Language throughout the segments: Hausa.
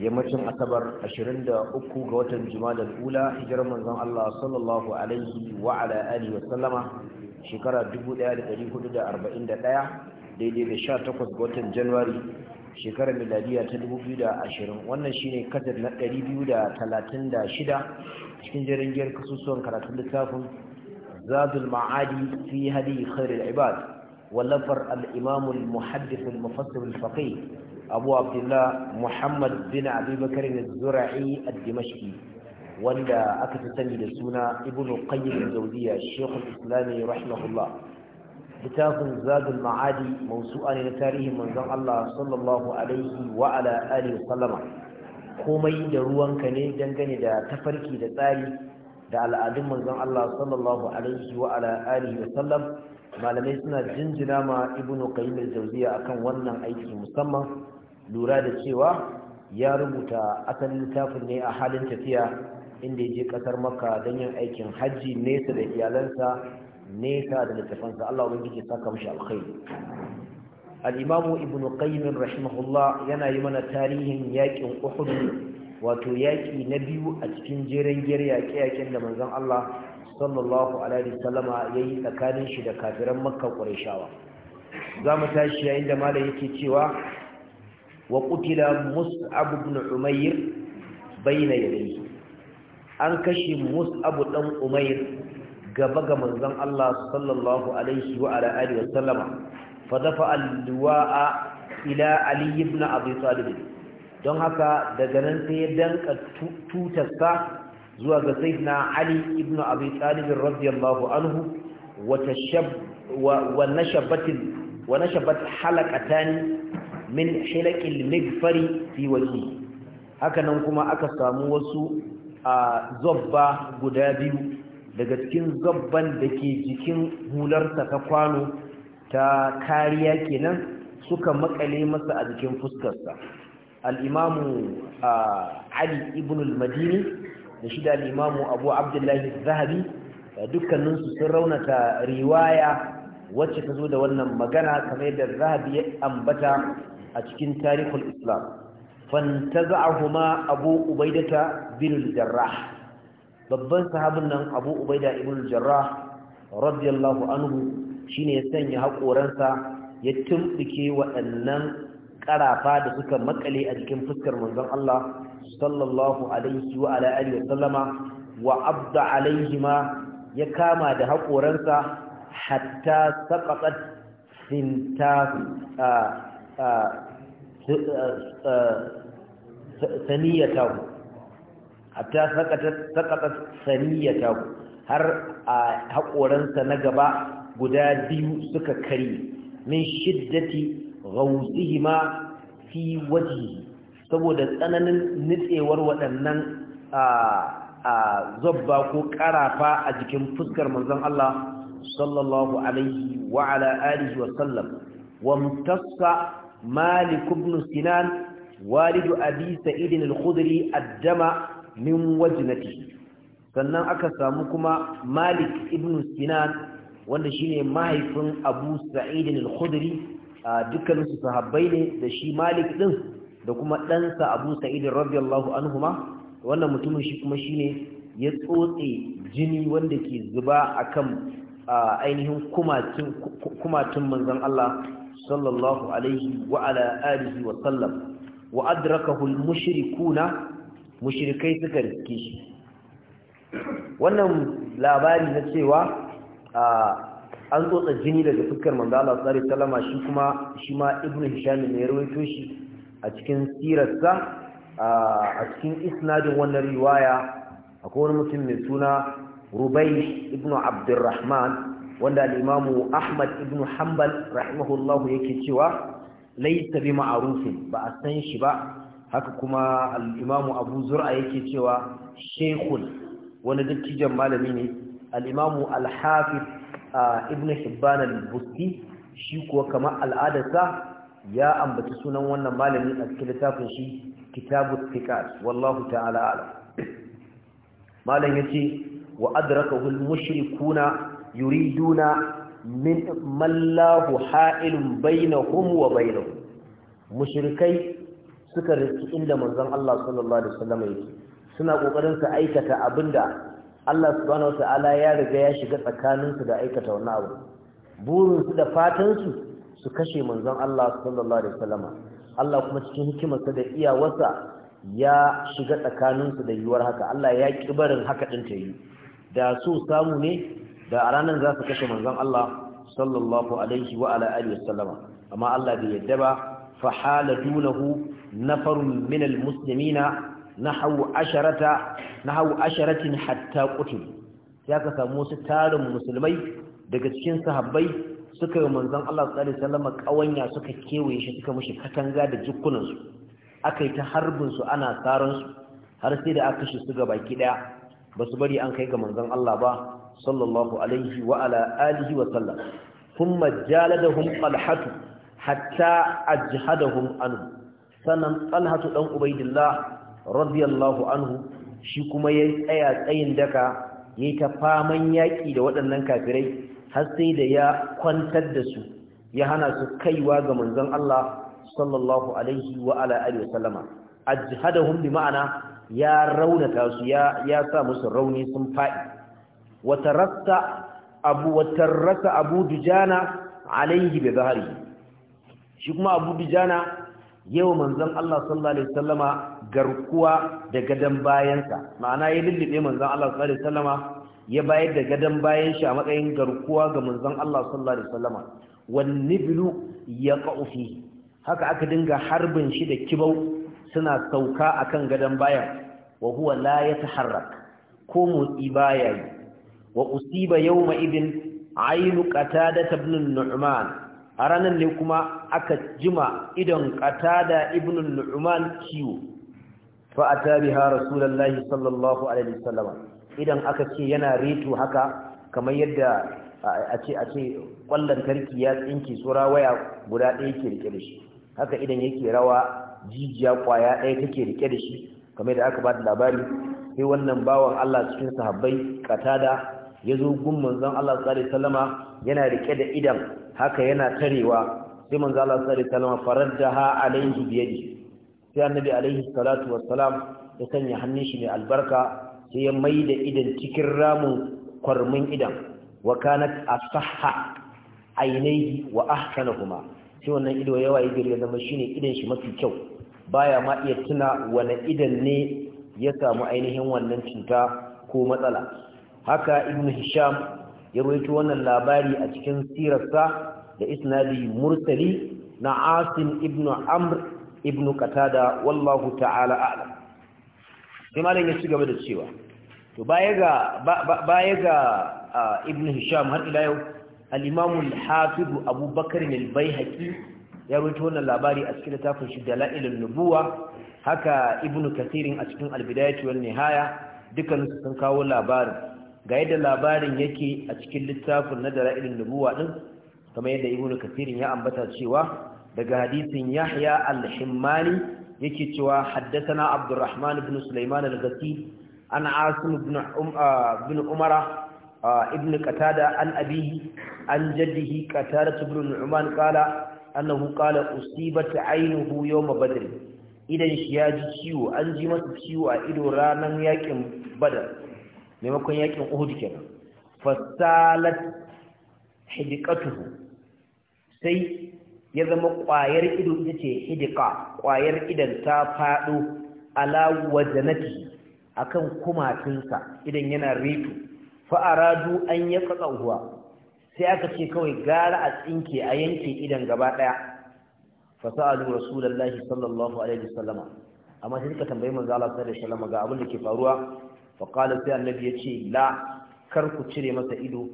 yammacin asabar 23 ga watan jumadal ula hijirar manzon Allah sallallahu alaihi wa ala alihi wa sallama shekara 1441 daidai da 18 ga watan januwari shekarar miladiya ta 2020 wannan shine kadar na 236 cikin jaringiyar kasusuwan karatun littafin zadul ma'adi fi hadi khairul ibad wallafar al-imam al-muhaddith al-mufassir al-faqih abu abdullah muhammad bin abubakar zura'i a dimashki wanda aka fi sani da suna ibnu qayyim zawdiya shekul islami rahimahullah littafin zadul ma'adi mausu'a ne na tarihin manzon Allah sallallahu alaihi wa ala alihi sallama komai da ruwanka ne dangane da tafarki da tsari da al'adun manzon Allah sallallahu alaihi wa ala alihi sallam malamai suna jinjina ma ibnu qayyim al akan wannan aiki musamman lura da cewa ya rubuta asalin littafin ne a halin tafiya inda ya je kasar makka don yin aikin hajji nesa da iyalansa nesa da littafansa Allah ubangiji saka mashi alkhairi al-imamu ibnu qayyim rahimahullah yana yi mana tarihin yakin uhud wato yaki na biyu a cikin jeren giyar yaƙe-yaƙen da manzon Allah sallallahu alaihi wasallama yayi tsakanin shi da kafiran makka qurayshawa za mu tashi yayin da malai yake cewa wa qutila mus'ab ibn umayr bayna yadayhi an kashe mus'ab dan umayr gaba ga manzon Allah sallallahu alaihi wa ala alihi wa sallama fa dafa al-du'a ila ali ibn abi talib don haka daga nan sai ya danka tutarsa zuwa ga sayyidina ali ibn abi talib radiyallahu anhu wa tashabb wa nashabat wa nashabat halaqatan min shilakil migfari fi wajhi hakanan kuma aka samu wasu a zobba guda biyu daga cikin zobban da ke jikin hularsa ta kwano ta kariya kenan suka makale masa a jikin fuskarsa al'imamu ali ibn al-madini da shi da al'imamu abu abdullahi zahabi dukkaninsu sun raunata riwaya wacce ta zo da wannan magana kamar yadda zahabi ya ambata a cikin tarihul islam fantaza'ahuma abu ubaidata birul jarrah babban sahabin nan abu ubaida ibn jarrah radiyallahu anhu shine ya sanya haƙoransa ya tumbike waɗannan ƙarafa da suka makale a jikin fuskar manzon Allah sallallahu alaihi wa ala alihi wasallama wa abda ya kama da haƙoransa hatta saqatat saniyatahu hatta sakatat saniyatahu har a haƙoransa na gaba guda biyu suka kari min shiddati ghauzihima fi waji saboda tsananin nitsewar waɗannan a zobba ko ƙarafa a jikin fuskar manzon Allah sallallahu alaihi wa ala alihi wa sallam wamtassa مالك بن سنان والد أبي سعيد الخضري الدم من وجنته sannan aka samu kuma Malik ibn Sinan wanda shine mahaifin Abu Sa'id al-Khudri dukkanin su sahabbai ne da shi Malik din da kuma ɗansa Abu Sa'id radiyallahu anhuma wannan mutumin shi kuma shine ya tsotse jini wanda ke zuba akan ainihin kumatun kumatun manzon Allah sallallahu alaihi wa ala alihi wa sallam wa adrakahu al suka riske shi wannan labari na cewa an tsotsa jini daga fuskar manzo Allah sallallahu alaihi wasallam shi kuma shi ma ibnu hisham ne ya rawaito shi a cikin sirarsa a cikin isnadin wannan riwaya akwai wani mutum mai suna rubai ibnu abdurrahman wanda al-imamu Ahmad ibn Hanbal rahimahullahu yake cewa laysa bi ma'rufin ba a san shi ba haka kuma al-imamu Abu Zur'a yake cewa shaykhun wani dattijan malami ne al-imamu al-Hafiz ah, ibn Hibban al-Busti shi kuwa kamar al'adarsa ya ambaci sunan wannan malami a cikin littafin shi kitabu thiqat wallahu ta'ala malam yace wa adrakahu al-mushrikuna yuriduna min mallahu ha'ilun bainahum wa bainahum mushrikai suka riski inda manzon Allah sallallahu alaihi wasallam yake suna kokarin su aikata abinda Allah subhanahu wataala ya riga ya shiga tsakaninsu da aikata wannan abu burin su da fatan su su kashe manzon Allah sallallahu alaihi wasallam Allah kuma cikin hikimar sa da iyawarsa ya shiga tsakaninsu da yiwuwar haka Allah ya ƙi barin haka ɗin ta yi da su samu ne da a ranar za su kashe manzon Allah sallallahu alaihi wa ala alihi wasallama amma Allah bai yadda ba fa haladunahu nafarun min almuslimina nahawu asharata nahawu asharatin hatta qutil ya ka samu su tarin musulmai daga cikin sahabbai suka yi manzon Allah sallallahu alaihi wasallama kawanya suka kewaye shi suka mushi katanga da jikunansu aka yi ta harbin su ana tsaron su har sai da aka kashe su gaba ki daya basu bari an kai ga manzon Allah ba sallallahu alaihi wa ala alihi wa sallam thumma jaladahum talhatu hatta ajhadahum anhu sannan talhatu dan ubaidillah radiyallahu anhu shi kuma ya tsaya tsayin daka ya ta faman yaƙi da waɗannan kafirai har sai da ya kwantar da su ya hana su kaiwa ga manzon Allah sallallahu alaihi wa ala alihi wasallama ajhadahum bi ma'ana ya raunata su ya ya sa musu rauni sun faɗi watarassa abu watarrasa abu dujana alaihi bi zahari shi kuma abu dujana yawa manzon Allah sallallahu alaihi wasallama garkuwa da gadan bayansa ma'ana ya lullube Manzan Allah sallallahu alaihi wasallama ya bayar da gadan bayan shi a matsayin garkuwa ga Manzan Allah sallallahu alaihi wasallama wan niblu yaqa'u fihi haka aka dinga harbin shi da kibau suna sauka akan gadan bayan wa huwa la yataharrak ko motsi baya yi wa usiba yawma idin ainu qatada ibn nu'man a ranar ne kuma aka jima idan qatada ibn nu'man ciwo fa atabiha rasulullahi sallallahu alaihi wasallam idan aka ce yana reto haka kamar yadda a ce a ce kwallon tarki ya tsinke tsura waya guda ɗaya ke rike da shi haka idan yake rawa jijiya kwaya ɗaya take rike da shi kamar yadda aka ba da labari sai wannan bawan Allah cikin sahabbai katada ya zo gun manzon Allah sallallahu alaihi wasallama yana rike da idan haka yana tarewa sai manzon Allah sallallahu alaihi wasallama faraddaha alaihi biyadi sai annabi alaihi salatu wassalam ya sanya hannun shi mai albarka sai ya mai da idan cikin ramin kwarmin idan wa kanat asahha ainihi wa ahsanahuma sai wannan ido yawa ya gari zama shine idan shi mafi kyau baya ma iya tuna wani idan ne ya samu ainihin wannan cuta ko matsala haka ibn hisham ya rawaito wannan labari a cikin sirarsa da isnadi mursali na asim ibn amr ibn qatada wallahu ta'ala a'lam sai malam ya ci gaba da cewa to baya ga baya ga ibn hisham har ila yau al-imam al-hafiz abubakar al ya rawaito wannan labari a cikin littafin shi dalailun nubuwa haka ibn kathirin a cikin al-bidayah wal nihaya dukan sun kawo labarin ga yadda labarin yake a cikin littafin na dara'ilin nubuwa ɗin kamar yadda ibnu kasirin ya ambata cewa daga hadisin yahya al-himmani yake cewa haddasana abdurrahman ibn sulaiman al-ghasi an asim ibn um, ah, ibn umara ah, ibn qatada an abihi an jaddihi qatada ibn nu'man qala annahu qala usibat aynuhu yawm badr idan shi ya ji ciwo an ji masa ciwo a ido ranan yakin badar maimakon yakin uhud kenan fasalat hidiqatuhu sai ya zama ƙwayar ido ita ce hidiqa ƙwayar idan ta faɗo ala wajanati akan kumatinsa idan yana ritu fa'aradu an ya katsa sai aka ce kawai gara a tsinke a yanke idan gaba ɗaya sa'alu rasulullahi sallallahu alaihi wasallama amma sai ka tambayi manzo Allah sallallahu alaihi wasallama ga abin da ke faruwa faƙala sai annabi ya ce la kar ku cire masa ido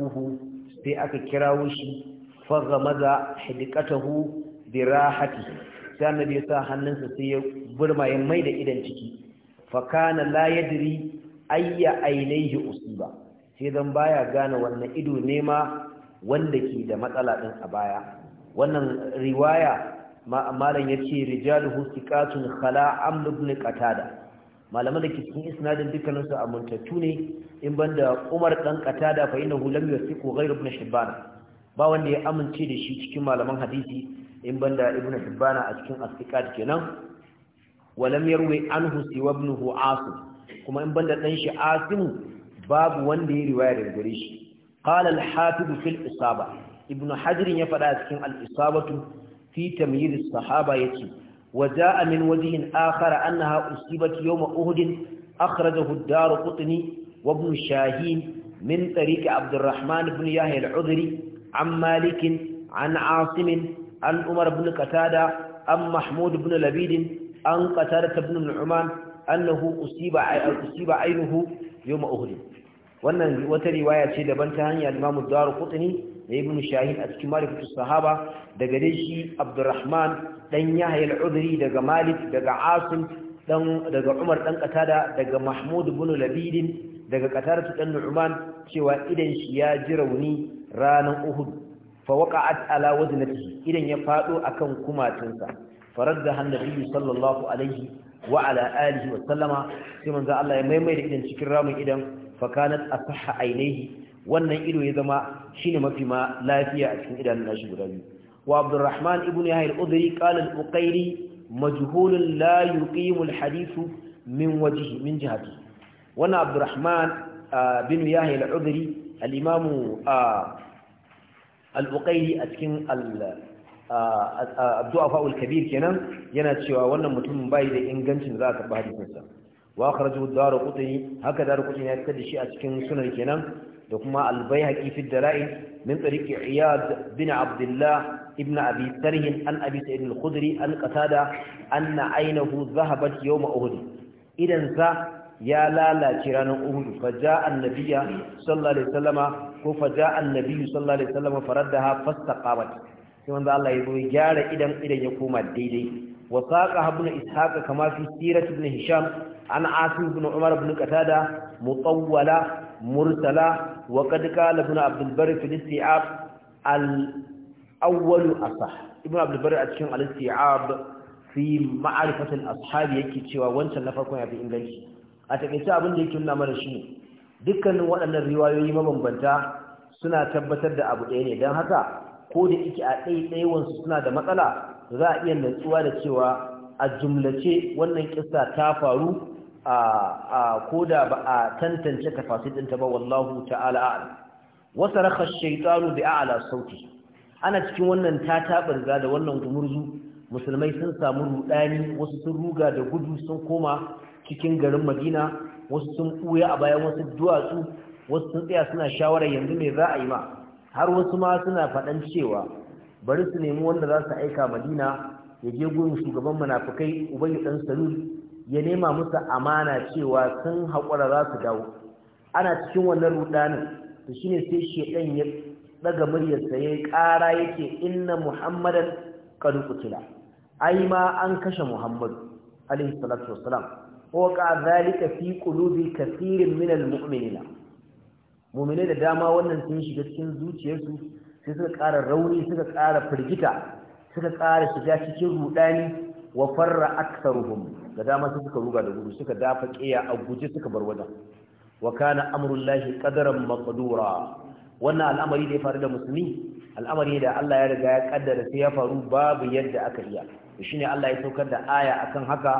uhu, sai aka kirawo shi faga maza hidikatahu bi rahati sai annabi ya sa hannunsa sai ya burma ya mai da idan ciki fakana la yadri ayya ainihi usiba sai dan baya gane wannan ido ne ma wanda ke da matsala din a baya wannan riwaya malam yace rijaluhu thiqatun khala amr ibn qatada malaman da ke cikin isnadin dukkaninsu amintattu ne in banda Umar dan Qatada fa hu lam yasiqu ghayr ibn Hibban ba wanda ya amince da shi cikin malaman hadisi in banda Ibn Hibban a cikin asiqat kenan Wa lam yarwi anhu siwa ibnuhu Asim kuma in banda dan shi Asim babu wanda ya riwaya daga gare shi qala al-hafiz fil isaba ibn Hajar ya faɗa cikin al-isabatu fi tamyiz as-sahaba yace وجاء من وجه آخر أنها أصيبت يوم أهد أخرجه الدار قطني وابن شاهين من طريق عبد الرحمن بن يحيى العذري عن مالك عن عاصم عن عمر بن قتادة عن محمود بن لبيد عن قتادة بن النعمان أنه أصيب أصيب عينه يوم أهد wannan wata riwaya ce daban ta hanyar Imam Ad-Darqutni da ibn shahid a cikin malifatus sahaba daga dai shi abdurrahman dan yahya al-udri daga malik daga asim dan daga umar dan qatada daga mahmud ibn labid daga qataratu dan nu'man cewa idan shi ya ji rauni ranan uhud fa waqa'at ala waznatihi idan ya fado akan kumatinsa faradda annabi sallallahu alaihi wa ala alihi wa sallama sai manzo Allah ya maimaita idan cikin ramin idan fa kanat saha ainihi wannan ido ya zama shine mafi ma lafiya a cikin idanun nashi guda biyu wa abdurrahman ibn yahya al-udri qala al-uqayri majhulun la yuqimu al-hadith min wajhi min jihati wannan abdurrahman ah, bin yahya udri al-imam ah, al-uqayri a cikin al-du'afa ah, al-kabir kenan yana cewa wannan mutumin bai da ingancin za a karba hadisinsa wa akhrajahu ad-darqutni haka darqutni ya fitar da shi a cikin sunan kenan da kuma al-baihaqi fi ad-dara'in min tariqi iyad bin abdullah ibn abi sarh an abi sa'id al-khudri an qatada anna aynahu dhahabat yawm uhud idan sa ya lalace ranar uhud fa ja'a an-nabiyya sallallahu alaihi wasallama ko fa ja'a an-nabiyyu sallallahu alaihi wasallama faraddaha fastaqamat sai wanda Allah ya zo gyara idan idan ya koma daidai wa saqa ibn ishaq kama fi sirati ibn hisham an asim ibn umar ibn qatada mutawwala mursala wa qad qala ibn abdul al awwal asah ibn abdul a cikin al isti'ab fi ma'rifat al ashab yake cewa wancan na farkon yafi inganci a takeice abin da yake nuna mana shine dukkanin waɗannan riwayoyi mabambanta suna tabbatar da abu ɗaya ne don haka ko da yake a ɗaiɗaiwansu suna da matsala za a iya natsuwa da cewa a jumlace wannan kissa ta faru a koda ba a tantance tafasidin ta ba wallahu ta'ala a'lam wasarakha ash-shaytanu bi a'la sauti ana cikin wannan tatabarza da wannan gumurzu musulmai sun samu rudani wasu sun ruga da gudu sun koma cikin garin Madina wasu sun buya a bayan wasu duwatsu wasu sun tsaya suna shawara yanzu me za a yi ma har wasu ma suna faɗan cewa bari su nemi wanda za su aika Madina ya je gurin shugaban munafikai Ubay dan Salul ya nema musu amana cewa sun haƙura za su dawo ana cikin wannan rudanin to shine sai shedan ya daga muryarsa yayi ƙara yake inna muhammadan qad qutila ai ma an kashe muhammad alaihi salatu wassalam ko ka zalika fi qulubi kathirin min almu'minina mu'mine da dama wannan sun shiga cikin zuciyarsu sai suka ƙara rauni suka ƙara firgita suka ƙara shiga cikin rudani wa farra aktharuhum da dama sai suka ruga da gudu suka dafa kiya a guje suka bar wajen wa kana amrullahi qadaran maqdura wannan al'amari da ya faru da musulmi al'amari da Allah ya riga ya kaddara sai ya faru babu yadda aka iya shine Allah ya saukar da aya akan haka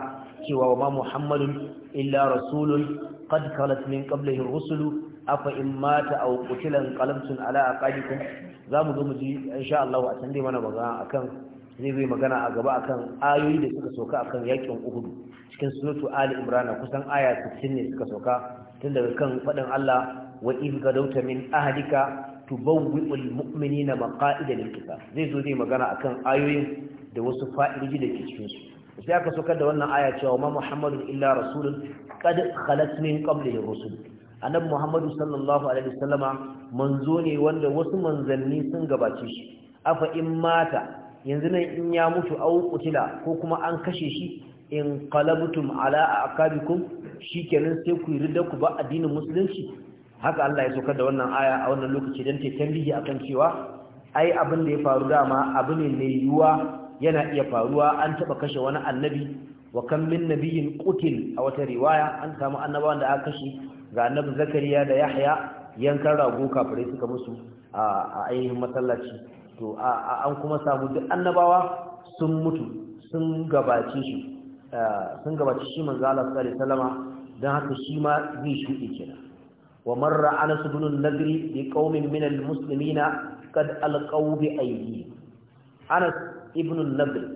cewa wa ma muhammadun illa rasulun qad khalat min qablihi ar-rusul afa in mata aw qutila qalbtun ala aqabikum zamu zo mu ji insha Allah a tande mana magana akan zai zai magana a gaba akan ayoyi da suka sauka akan yakin uhudu cikin suratu ali imrana kusan aya 60 ne suka sauka tun daga kan fadin Allah wa in gadauta min ahlika tubawwi'ul mu'minina maqa'ida lil qital zai zo zai magana akan ayoyin da wasu fa'idoji da ke cikin su sai aka saukar da wannan aya cewa ma muhammadun illa rasulun qad khalat min qablihi rusul annabi muhammadu sallallahu alaihi wasallama manzo ne wanda wasu manzanni sun gabace shi afa in mata yanzu nan in ya mutu au qutila ko kuma an kashe shi in qalabtum ala aqabikum shikenan sai ku yi ku ba addinin musulunci haka Allah ya saukar da wannan aya a wannan lokaci dan ta tambihi akan cewa ai abin da ya faru dama abu ne mai yuwa yana iya faruwa an taba kashe wani annabi wa kan min nabiyin qutil a wata riwaya an samu annabawan da aka kashe ga annabi zakariya da yahya yankan rago kafirai suka musu a ainihin masallaci to an kuma samu duk annabawa sun mutu sun gabace shi sun gabace shi manzo Allah sallallahu alaihi wasallama dan haka shi ma zai shuɗe kenan wa marra Anas ibn al-Nadri bi qaumin min al-muslimina qad alqaw bi aydi Anas ibn al-Nadri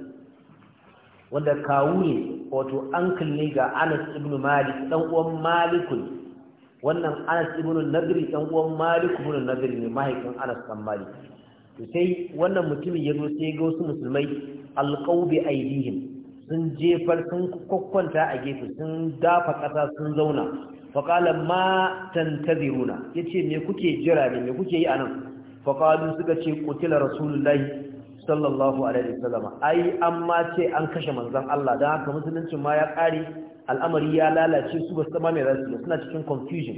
wanda kawu ne wato uncle ne ga Anas ibn Malik dan uwan Malik wannan Anas ibn al-Nadri dan uwan Malik ibn al-Nadri ne mahaifin Anas dan Malik to sai wannan mutumin ya zo sai ga wasu musulmai alqaw bi sun jefar sun kokkwanta a gefe sun dafa ƙasa sun zauna faƙala ma tantaziruna yace me kuke jira ne me kuke yi anan faƙalu suka ce kutila rasulullahi sallallahu alaihi wasallama ai amma ce an kashe manzon Allah dan haka musulunci ma ya ƙare al'amari ya lalace su ba su ma mai rasu suna cikin confusion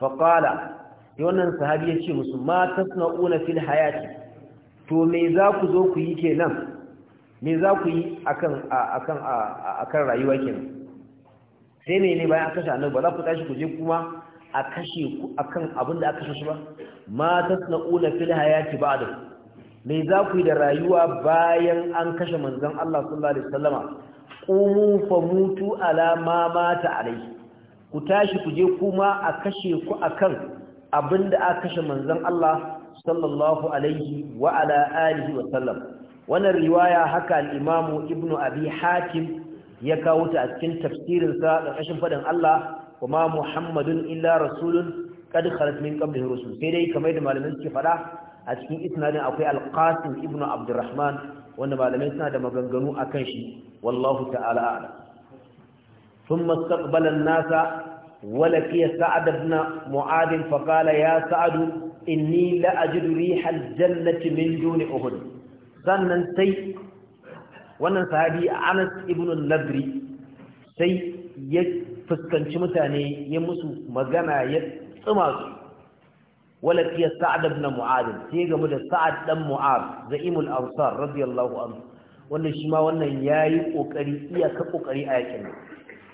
faƙala sai wannan sahabi ya ce musu ma tasna'una fil hayati to me za ku zo ku yi kenan me za ku yi akan akan akan rayuwa kenan sai ne ne bayan aka kashe annabi ba za ku tashi ku je kuma a kashe ku akan abin da aka kashe shi ba ma tasna'una fil hayati ba'da me za ku yi da rayuwa bayan an kashe manzon Allah sallallahu alaihi wasallama qumu famutu ala ma mata alai ku tashi ku je kuma a kashe ku akan abinda aka kashe manzon Allah sallallahu alaihi wa ala alihi wa sallam wannan riwaya haka al-Imam Ibn Abi hakim ya kawo ta a cikin tafsirin da kashin fadin Allah kuma Muhammadun illa rasulun qad khalat min qablihi rusul sai dai kamar da malamin suke fada a cikin isnadin akwai al ibnu ibn Abdurrahman wanda malamai suna da maganganu akan shi wallahu ta'ala ala thumma nasa ولقي سعد بن معاذ فقال يا سعد إني لأجد ريح الجنة من دون أهد sannan sai wannan sahabi Anas ibn al-Nadri sai ya fuskanci mutane ya musu magana ya tsuma su walaqiya Sa'd ibn Mu'adh sai gamu da Sa'ad dan Mu'adh za'imul ansar radiyallahu anhu wannan shi ma wannan yayi kokari iyaka kokari a yakin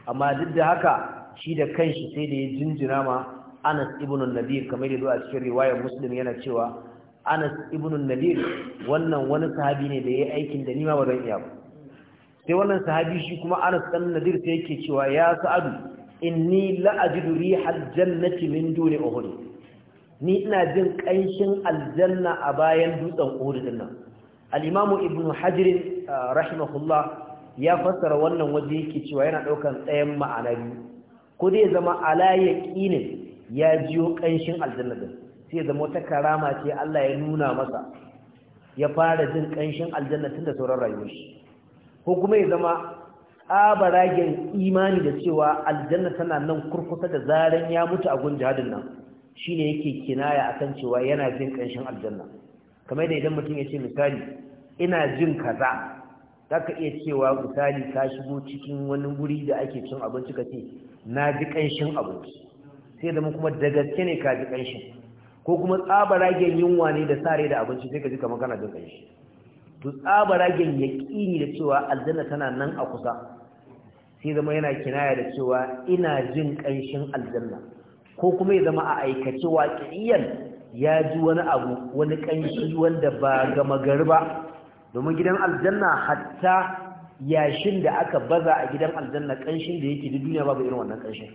amma duk da haka shi da kanshi sai da ya jinjina ma Anas ibn Nadir kamar da zuwa cikin riwayar Muslim yana cewa Anas ibn Nadir wannan wani sahabi ne da yayi aikin da nima ba zan iya ba sai wannan sahabi shi kuma Anas ibn Nadir sai yake cewa ya Sa'adu inni la ajidu rihal jannati min duni uhud ni ina jin kanshin aljanna a bayan dutsen uhud din nan al-imam ibn Hajar rahimahullah ya fassara wannan waje yake cewa yana daukan tsayen ma'ana biyu ko dai zama ala yaqinin ya jiyo kanshin aljanna din sai zama wata karama ce Allah ya nuna masa ya fara jin kanshin aljanna tun da sauran rayuwar shi ko kuma ya zama tsabaragen imani da cewa aljanna tana nan kurkusa da zaran ya mutu a gun jihadin nan shine yake kinaya akan cewa yana jin kanshin aljanna kamar da idan mutum ya ce misali ina jin kaza zaka iya cewa misali ka shigo cikin wani wuri da ake cin abinci ka ce na ji ƙanshin abinci sai da kuma da gaske ne ka ji ƙanshin ko kuma tsabaragen yunwa ne da sare da abinci sai ka ji kamar kana jin ƙanshi to tsabaragen yaƙini da cewa aljanna tana nan a kusa sai zama yana kinaya da cewa ina jin ƙanshin aljanna ko kuma ya zama a aikace waƙiyan ya ji wani abu wani ƙanshi wanda ba gama gari ba domin gidan aljanna hatta yashin da aka baza a gidan aljanna kanshin da yake da duniya babu irin wannan kanshin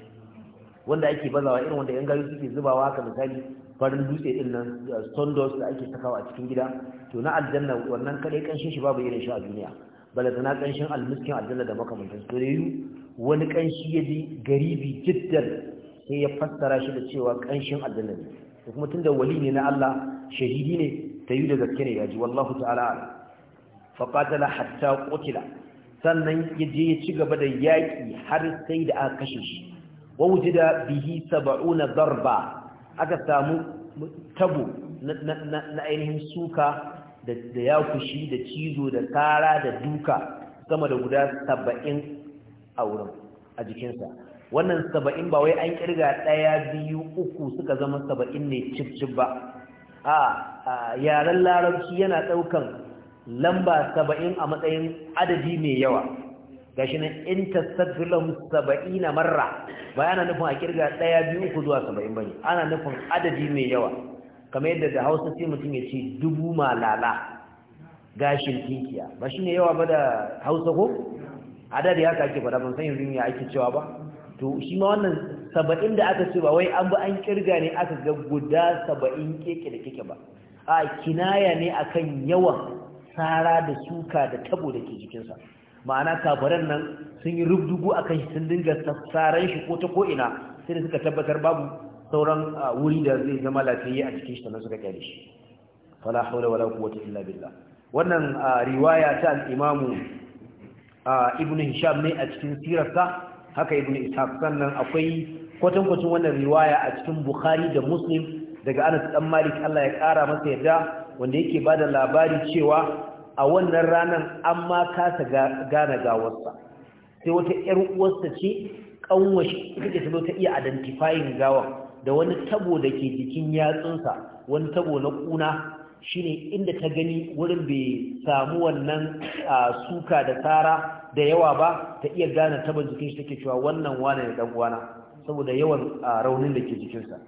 wanda ake bazawa irin wanda yan gari suke zubawa haka misali farin dutse din nan stone dust da ake sakawa a cikin gida to na aljanna wannan kare kanshin shi babu irin shi a duniya bala zana kanshin almiskin aljanna da makamantan to yayu wani kanshi ya ji garibi jiddan sai ya fassara shi da cewa kanshin aljanna ne da kuma tunda wali ne na Allah shahidi ne tayu da gaske ne ji wallahu ta'ala faqatala hatta qutila sannan ya je ya ci gaba da yaƙi har sai da aka kashe shi wa wujida bihi sab'una darba aka samu tabo na ainihin suka da yakushi da cizo da kara da duka sama da guda saba'in a wurin a jikinsa wannan saba'in ba wai an kirga ɗaya biyu uku suka zama saba'in ne cif ba a yaren larabci yana ɗaukan lamba saba'in a matsayin adadi mai yawa shi nan in tasabbi lahum saba'ina marra ba yana nufin a kirga ɗaya biyu uku zuwa saba'in bane ana nufin adadi mai yawa kamar yadda da hausa sai mutum ya ce dubu malala gashin kinkiya ba shi ne yawa ba da hausa ko adadi haka ake faɗa ban san yanzu ya ake cewa ba to shi ma wannan saba'in da aka ce ba wai an bi an kirga ne aka ga guda saba'in keke da keke ba a kinaya ne akan yawan Tsara da suka da tabo da ke jikinsa ma'ana kafaran nan sun yi rubdugu a kan sun dinga saran shi ko ta ko'ina sai da suka tabbatar babu sauran wuri da zai zama lafiya a jikin shi sannan suka kyale shi fala haula wala quwwata illa billah wannan riwaya ta al-imamu hisham ne a cikin sirarsa haka ibnu ishaq sannan akwai kwatankwacin wannan riwaya a cikin bukhari da muslim daga anas dan malik Allah ya kara masa yadda wanda yake ba da labari cewa a wannan ranar an ma kasa gane gawarsa sai wata ‘yar uwarsa ce ƙanwashi ita ce ta iya identifying gawan da wani tabo da ke jikin yatsunsa wani tabo na ƙuna shine inda ta gani wurin bai samu wannan suka da tsara da yawa ba ta iya gane taban jikin shi take cewa wannan wane ne dan uwana saboda yawan raunin da ke jikinsa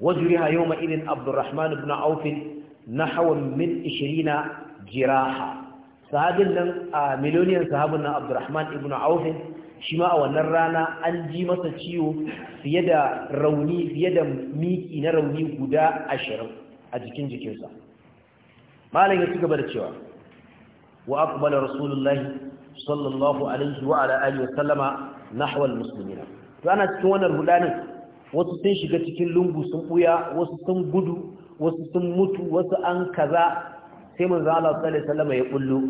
wajuriha yawma idin abdurrahman ibn aufin Na hawan min ishirina jiraha sahabin nan a miloniyan sahabin nan Abdurrahman ibn Auf shi ma a wannan rana an ji masa ciwo fiye da rauni fiye da miki na rauni guda ashirin. a jikin jikinsa malam ya ci gaba da cewa wa aqbala rasulullahi sallallahu alaihi wa ala alihi wa sallama nahwa almuslimina to ana cikin wannan hudanin wasu sun shiga cikin lungu sun buya wasu sun gudu wasu sun mutu wasu an kaza sai manzo Allah sallallahu alaihi ya kullu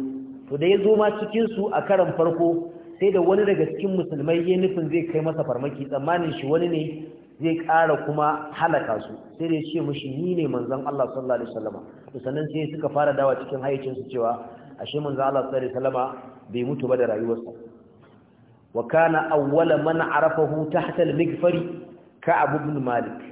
to da ya zo ma cikin su a karan farko sai da wani daga cikin musulmai ya nufin zai kai masa farmaki tsammanin shi wani ne zai ƙara kuma halaka su sai da ya ce mushi ni ne manzon Allah sallallahu alaihi wasallama to sannan sai suka fara dawa cikin hayyacin su cewa ashe manzon Allah sallallahu alaihi wasallama bai mutu ba da rayuwarsa wa kana awwala man arafahu tahta al-mighfari ka abu ibn malik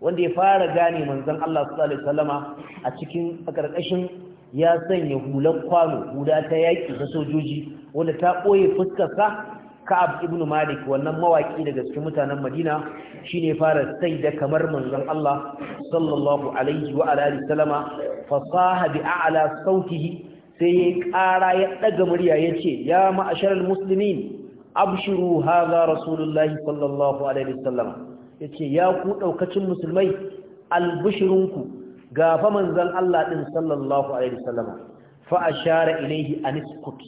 wanda ya fara gane manzon Allah sallallahu alaihi a cikin ƙarƙashin ya sanya hular kwano guda ta yaƙi ta sojoji wanda ta ɓoye fuskarsa Ka'ab ibn Malik wannan mawaƙi daga cikin mutanen Madina shine fara sai da kamar Manzan Allah sallallahu alaihi wa alihi Salama, fasaha bi a'la sautihi sai ya ƙara ya ɗaga murya ce ya ma'asharal muslimin abshiru hadha rasulullahi sallallahu alaihi wasallam ya ce ya ku ɗaukacin musulmai albishirinku ga fa manzan Allah ɗin sallallahu alaihi wasallama fa a share ilaihi a niskut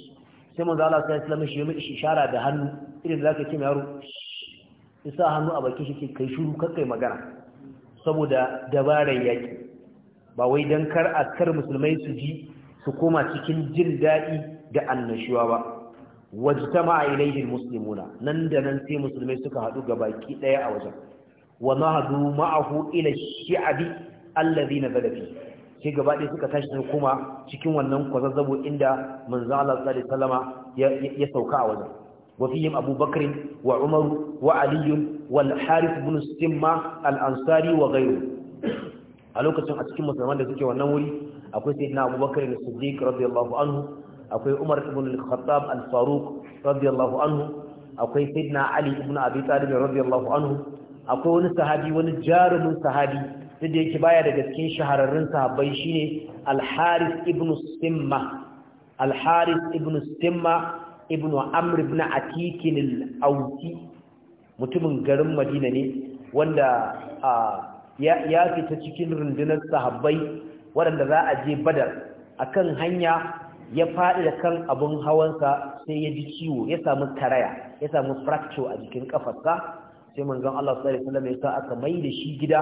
sai manzan Allah sai islamai shi mai da hannu irin da zaka ce mai yaro isa hannu a bakin shi ke kai shuru kakai magana saboda dabarar yaƙi ba wai don kar a kar musulmai su ji su koma cikin jin daɗi da annashuwa ba wajtama ilaihi almuslimuna nan da nan sai musulmai suka haɗu ga baki ɗaya a wajen wa mahadu ma'ahu ila shi'abi allazi na zalafi sai gaba ɗaya suka tashi kuma cikin wannan kwazazzabo inda manzo Allah sallallahu alaihi wasallama ya sauka a wajen wa fihim Abu Bakr wa Umar wa Ali wal Harith ibn Simma al Ansari wa ghayru a lokacin a cikin musulman da suke wannan wuri akwai sayyidina Abu Bakr as-Siddiq radiyallahu anhu akwai Umar ibn al-Khattab al-Faruq radiyallahu anhu akwai sayyidina Ali ibn Abi Talib radiyallahu anhu akwai wani sahabi wani jarumin sahabi duk da yake baya daga cikin shahararrun sahabbai shine al-Haris ibn Simma al-Haris ibn Simma ibn Amr ibn Atik al-Awsi mutumin garin Madina ne wanda ya fita cikin rundunar sahabbai waɗanda za a je Badar akan hanya ya faɗi da kan abun hawansa sai ya ji ciwo ya samu karaya ya samu fracture a jikin kafarsa sai manzon Allah sallallahu alaihi wasallam ya sa aka mai da shi gida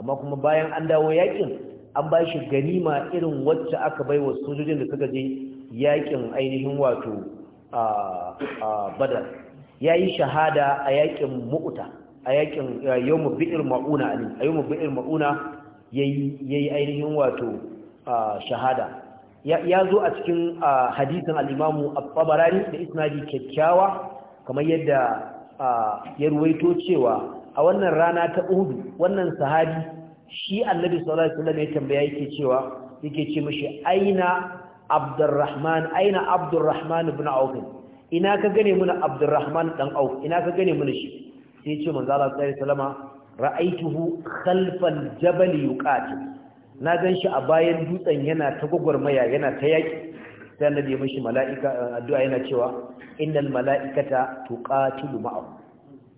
amma kuma bayan an dawo yakin an ba shi ganima irin wacce aka bai wa sojojin da suka je yakin ainihin wato a badar ya yi shahada a yakin Mu'ta a yakin Yawmul bi'ir ma'una ali a yawmul bi'ir ma'una ya yi ainihin wato shahada ya zo a cikin hadisin al'imamu Barani da isnadi kyakkyawa kamar yadda ya ruwaito cewa a wannan rana ta Uhud wannan sahabi shi Annabi sallallahu alaihi wasallam ya tambaya yake cewa yake ce mishi aina Abdurrahman aina Abdurrahman ibn Auf ina ka gane mun Abdurrahman dan Auf ina ka gane mun shi sai ya ce manzo Allah sallallahu alaihi wasallam ra'aituhu khalfal jabal yuqatil na ganshi a bayan dutsen yana ta gwagwarmaya yana ta yaki sai annabi ya mishi mala'ika eh, addu'a yana cewa innal mala'ikata tuqatilu ma'ahu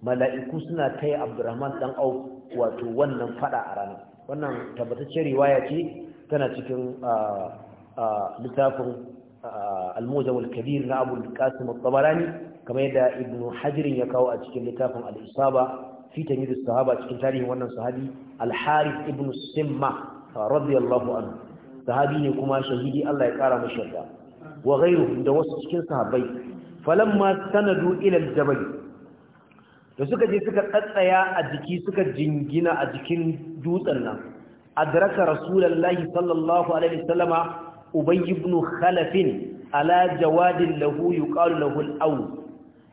mala'iku suna taya Abdurrahman dan Auf wato wannan fada a ranar wannan tabbataccen riwaya ce tana cikin ah, ah, littafin ah, al-Mujam al-Kabir na abul al-Qasim al-Tabarani kamar yadda Ibn Hajar ya kawo a cikin littafin al-Isaba fi tamyiz sahaba cikin tarihin wannan sahabi al-Harith ibn Simma radiyallahu anhu sahabi ne kuma shahidi Allah ya kara mashi yarda wa ghayruhum da wasu cikin sahabbai falamma sanadu ila al da suka je suka tsatsaya a jiki suka jingina a jikin dutsen nan adraka rasulullahi sallallahu alaihi wasallama ubay ibn khalaf ala jawadin lahu yuqalu lahu al-aw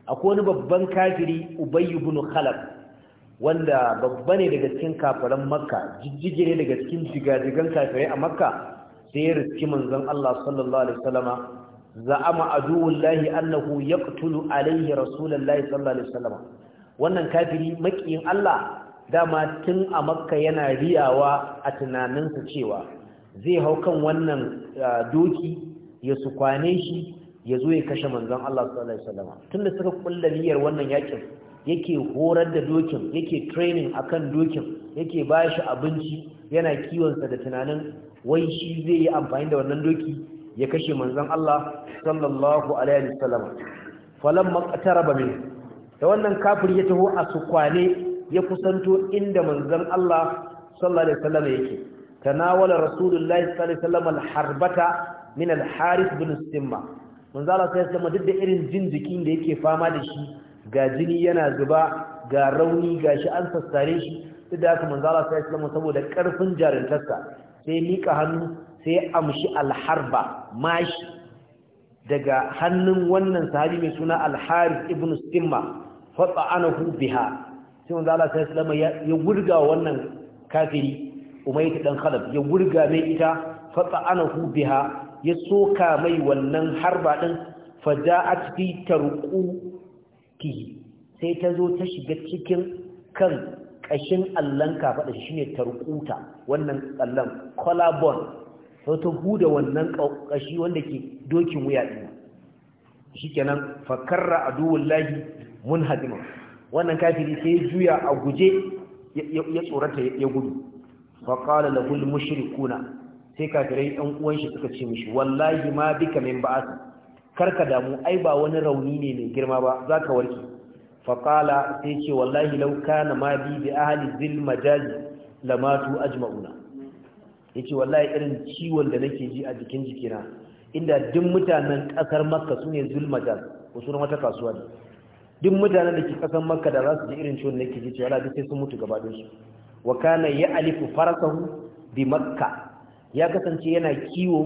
akwai wani babban kafiri ubay ibn khalaf wanda babba ne daga cikin kafiran makka jijjige ne daga cikin jigajigan kafirai a makka sai ya riski manzon Allah sallallahu alaihi wasallama za'ama aduwullahi annahu yaqtulu alaihi rasulullahi sallallahu alaihi wasallama wannan kafiri makiyin Allah dama tun a makka yana riyawa a tunaninsa cewa zai hau kan wannan uh, doki ya su kwane shi ya zo ya kashe manzon Allah sallallahu alaihi wasallama tunda suka kulla niyyar wannan yakin yake horar da dokin yake training akan dokin yake bashi abinci yana kiwon sa da tunanin wai shi zai yi amfani da wannan doki ya kashe Manzan Allah sallallahu alaihi wasallam falan maqtaraba min da wannan kafiri ya taho a sukwane ya kusanto inda Manzan Allah sallallahu alaihi wasallam yake tanawala rasulullahi sallallahu alaihi wasallam alharbata min alharith bin simma manzon Allah sai ya duk da irin jinjikin da yake fama da shi ga jini yana zuba ga rauni gashi an sassare shi duk da haka manzon Allah sallallahu alaihi wasallam saboda karfin jarintarsa sai liƙa hannu sai amshi alharba mashi daga hannun wannan sahabi mai suna alharis ibn simma fatsa ana biha sai wanda ala sai sallama ya wurga wannan kafiri umayta ɗan khalaf ya wurga mai ita fatsa ana biha ya soka mai wannan harba din faja'at fi ki sai ta zo ta shiga cikin kan Ƙashin allon kafaɗa shi ne tarkuta wannan allon collarbone sau ta huda wannan ƙashi, wanda ke dokin wuya ɗin shi nan fakarra a duwun lahi mun hadima wannan kafiri sai ya juya a guje ya tsorata ya gudu faƙala da hul kuna. sai kafirai ɗan uwan shi suka ce mishi wallahi ma duka min ba'asa karka damu ai ba wani rauni ne mai girma ba Za ka warke faƙala sai ce wallahi lauka na ma bi bi ahali zil majaji lamatu ajma'una ya ce wallahi irin ciwon da nake ji a jikin jikina inda duk mutanen ƙasar makka su ne zul majal wasu na wata kasuwa ne duk mutanen da ke ƙasar makka da za su ji irin ciwon da nake ji ce wallahi duk sai sun mutu gaba gabaɗinsu wa kana ya alifu farasahu bi makka ya kasance yana kiwo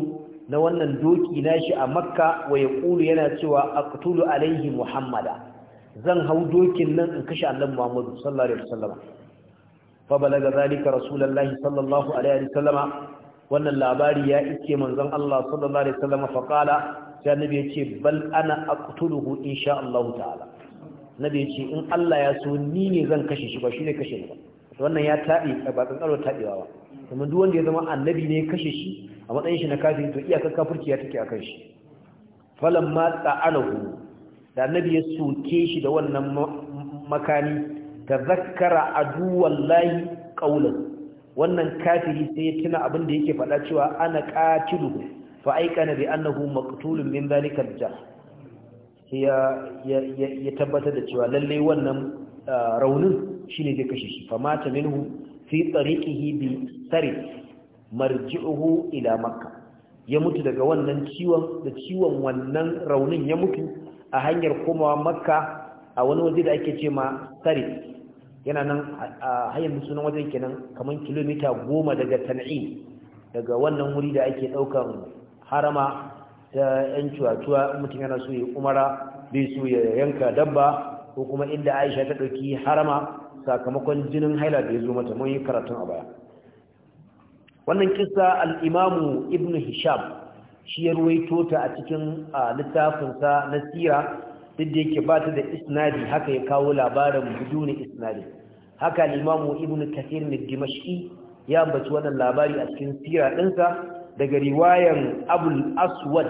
na wannan doki nashi a makka wa ya yana cewa aqtulu alaihi muhammada zan hau dokin nan in kashe annabi Muhammadu sallallahu alaihi wasallam fa balaga zalika rasulullahi sallallahu alaihi wasallam wannan labari ya iske manzon Allah sallallahu alaihi wasallam fa qala sai annabi yace bal ana aqtuluhu insha Allah ta'ala nabi yace in Allah ya so ni ne zan kashe shi ba shine kashe ni wannan ya tabi ba tsaro tabewa ba kuma duk wanda ya zama annabi ne kashe shi a matsayin shi na kafiri to iyakar kafirci ya take akan shi falamma ta'alahu da annabi ya soke shi da wannan makani ta zakkara layi ƙaunar. wannan kafiri sai ya tuna abin da yake faɗa cewa ana qatiluhu fa aikana bi annahu maqtulun min zalika al ya ya tabbatar da cewa lalle wannan raunin shine zai kashe shi fa mata minhu fi tariqihi bi sari marji'uhu ila makkah ya mutu daga wannan ciwon da ciwon wannan raunin ya mutu a hanyar komawa makka a wani waje da ake ce ma tsari yana nan a hanyar sunan wajen kenan kamar kilomita goma daga tan'i daga wannan wuri da ake daukan harama ta yan cuwa-cuwa mutum yana so ya umara bai so ya yanka dabba ko kuma inda aisha ta ɗauki harama sakamakon jinin haila da ya zo mata mun yi karatun a baya wannan kisa al'imamu ibnu hisham shi ya ruwaito ta a cikin littafinsa na sira duk da yake ba ta da isnadi haka ya kawo labarin ne isnadi haka limamu ibn kathir na dimashki ya ambaci wannan labari a cikin sira ɗinsa daga riwayan abul aswad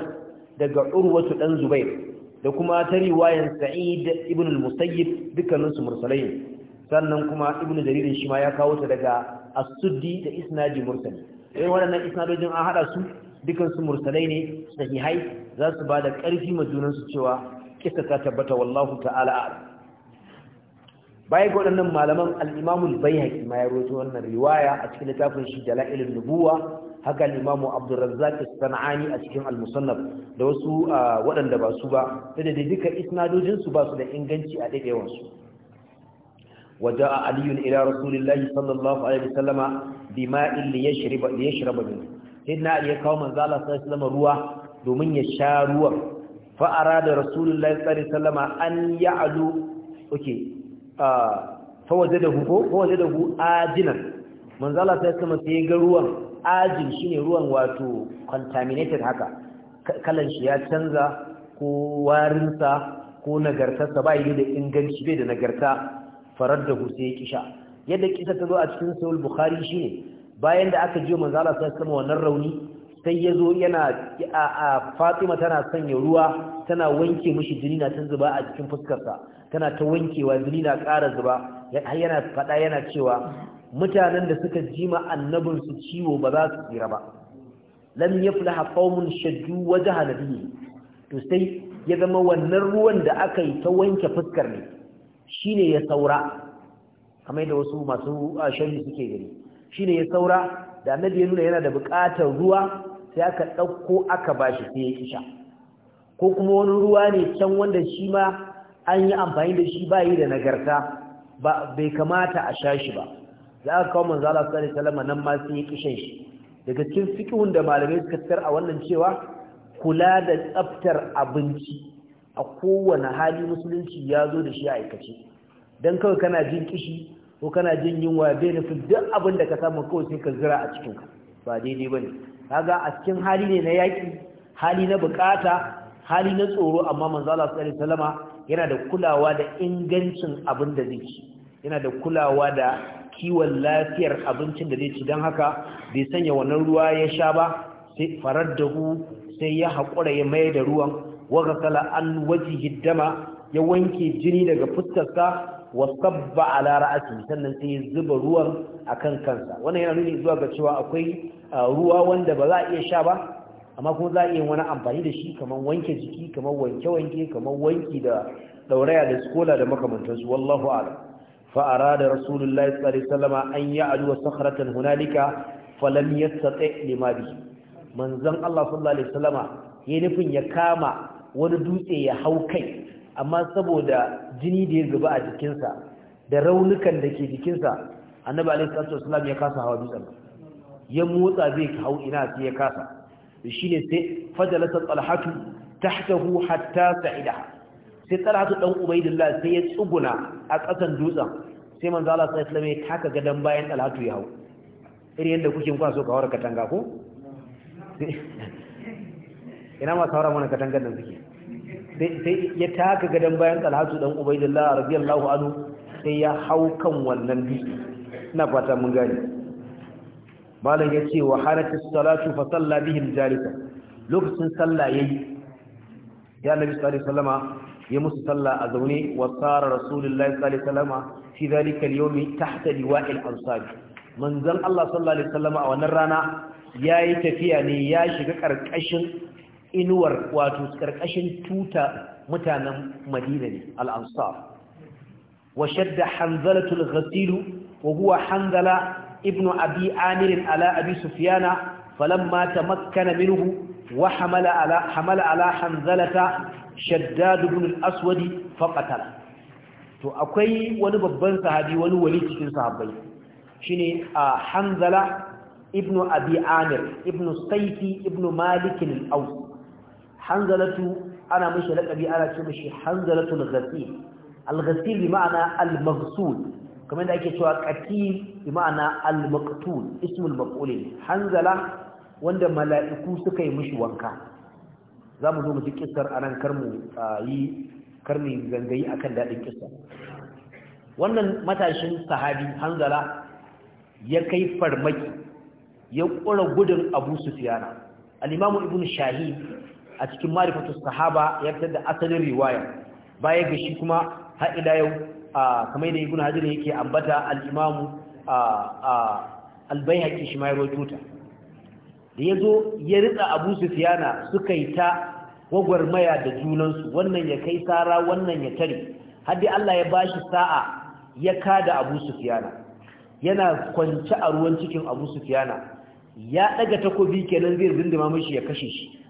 daga urwatu ɗan zubair da kuma ta riwayan sa'id ibn Musayyid musayyib dukkaninsu mursalai sannan kuma ibn Jaririn shi ma ya kawo ta daga Asuddi suddi da isnadi mursali eh waɗannan isnadojin an hada su dukansu mursalai ne sahihai za su ba da ƙarfi ma cewa kisa ta tabbata wallahu ta'ala a'lam baya waɗannan malaman al-imamu al ma ya rawaito wannan riwaya a cikin littafin shi dalailun nubuwa haka al-imamu abdurrazzaq a cikin al-musannaf da wasu waɗanda ba su ba ta da duka isnadojinsu su ba su da inganci a daidaiwan Wajen waja'a aliyun ila rasulillahi sallallahu alaihi wasallama bima'in liyashriba liyashraba minhu sayyidina ali ya kawo manzo Allah sallallahu alaihi wasallam ruwa domin ya sha ruwan fa arada rasulullahi sallallahu alaihi wasallam an ya'lu okay fa wajadahu fa wajadahu ajinan manzo Allah sallallahu alaihi wasallam sai ga ruwan ajin shine ruwan wato contaminated haka kalan shi ya canza ko warinsa ko nagartarsa ba yi da inganci bai da nagarta farar da sai ya kisha yadda kisa ta zo a cikin sahih bukhari shine bayan da aka jiyo manzo Allah sallallahu alaihi wannan rauni sai yazo yana a Fatima tana sanya ruwa tana wanke mashi jini na tun zuba a cikin fuskarsa tana ta wankewa jini na ƙara zuba har yana fada yana cewa mutanen da suka jima annabin su ciwo ba za su tsira ba lam yaflah qaumun shaddu waje nabiyyi to sai ya zama wannan ruwan da aka yi ta wanke fuskar ne shine ya saura kamar da wasu masu sharri suke gari shi ne ya saura da annabi ya nuna yana da buƙatar ruwa sai aka ɗauko aka bashi sai ya kisha ko kuma wani ruwa ne can wanda shi ma an yi amfani da shi ba yi da nagarta bai kamata a sha shi ba za a kawo manzo Allah sallallahu alaihi wasallam nan ma sai ya kishe shi daga cikin fikihun da malamai suka tsar a wannan cewa kula da tsaftar abinci a kowane hali musulunci ya zo da shi a aikace dan kawai kana jin kishi ko kana jin yunwa bai nufin duk abin da ka samu kawai sai ka zira a cikin ka ba daidai bane kaga a cikin hali ne na yaki hali na bukata hali na tsoro amma manzo Allah sallallahu alaihi wasallama yana da kulawa da ingancin abin da zai ci yana da kulawa da kiwon lafiyar abincin da zai ci don haka bai sanya wannan ruwa ya sha ba sai farar da hu sai ya haƙura ya mayar da ruwan wa an waji hidama ya wanke jini daga fuskarsa wa sabba ala ra'asi sannan sai zuba ruwan akan kansa wannan yana nuni zuwa ga cewa akwai ruwa wanda ba za a iya sha ba amma kuma za a iya wani amfani da shi kamar wanke jiki kamar wanke-wanke kamar wanki da dauraya da skola da makamantansu wallahu a'lam fa arada rasulullahi sallallahu alaihi wasallam an ya'du sakhratan hunalika falam yastati lima bi manzon Allah sallallahu alaihi wasallama yayin nufin ya kama wani dutse ya hau kai amma saboda jini da ya zuba a jikinsa da raunukan da ke jikinsa annabi alaihi salatu islam ya kasa hawa dutsen ya motsa zai hau ina sai ya kasa shi ne sai fajalasa talhatu tahtahu hatta sa'idaha sai talhatu dan ubaidillah sai ya tsuguna a ƙasan dutsen sai manzo Allah sallallahu alaihi wasallam ya taka gadan bayan talhatu ya hau irin yadda kuke kwa so ka warka katanga ko ina ma saura mana katangar da suke sai ya taka gadon bayan talhatu dan ubaidillah radiyallahu anhu sai ya hau kan wannan biyu. ina fata mun gane malam ce, wa haratis salatu fa salla bihim jalisa lokacin sallah yayi ya nabi sallallahu alaihi ya musu salla a zaune wa sara rasulullahi sallallahu alaihi wasallama fi dhalika al-yawmi tahta liwa'il ansar manzon Allah sallallahu alaihi a wannan rana ya yi tafiya ne ya shiga ƙarƙashin. inuwar wato karkashin tuta mutanen madina ne al'ansar wa shadda hanzalatul ghasilu wa huwa hanzala ibnu abi amirin ala abi falon mata tamakkana minhu wa hamala ala hanzalata shaddadu ibn aswadi faƙatar. to akwai wani babban sahabi wani wali cikin sahabbai shine a hanzala ibnu abi amir ibnu sayfi ibnu Malikin Aus. hanzalatu ana mishi laqabi ana ce mishi hanzalatul ghasil al-ghasil bi ma'ana al-maghsul kamar da ake cewa qatil bi ma'ana al-maqtul ismul maf'ul hanzala wanda mala'iku suka yi mishi wanka za mu zo mu ji kissar anan karmu yi karmi zangayi akan dadin kissa wannan matashin sahabi hanzala ya kai farmaki ya ƙura gudun abu sufiyana al'imamu Ibnu shahid a cikin marifatu sahaba ya fitar da asalin riwaya baya ga shi kuma har ila yau kamar da ibn hajar yake ambata al-imam al bayhaqi shi ma ya rawaito da yazo ya ritsa abu sufyana suka yi ta gwagwarmaya da junansu wannan ya kai sara wannan ya tare har dai Allah ya bashi sa'a ya kada abu Sufiyana. yana kwance a ruwan cikin abu Sufiyana. ya daga takobi kenan zai zindima mishi ya kashe shi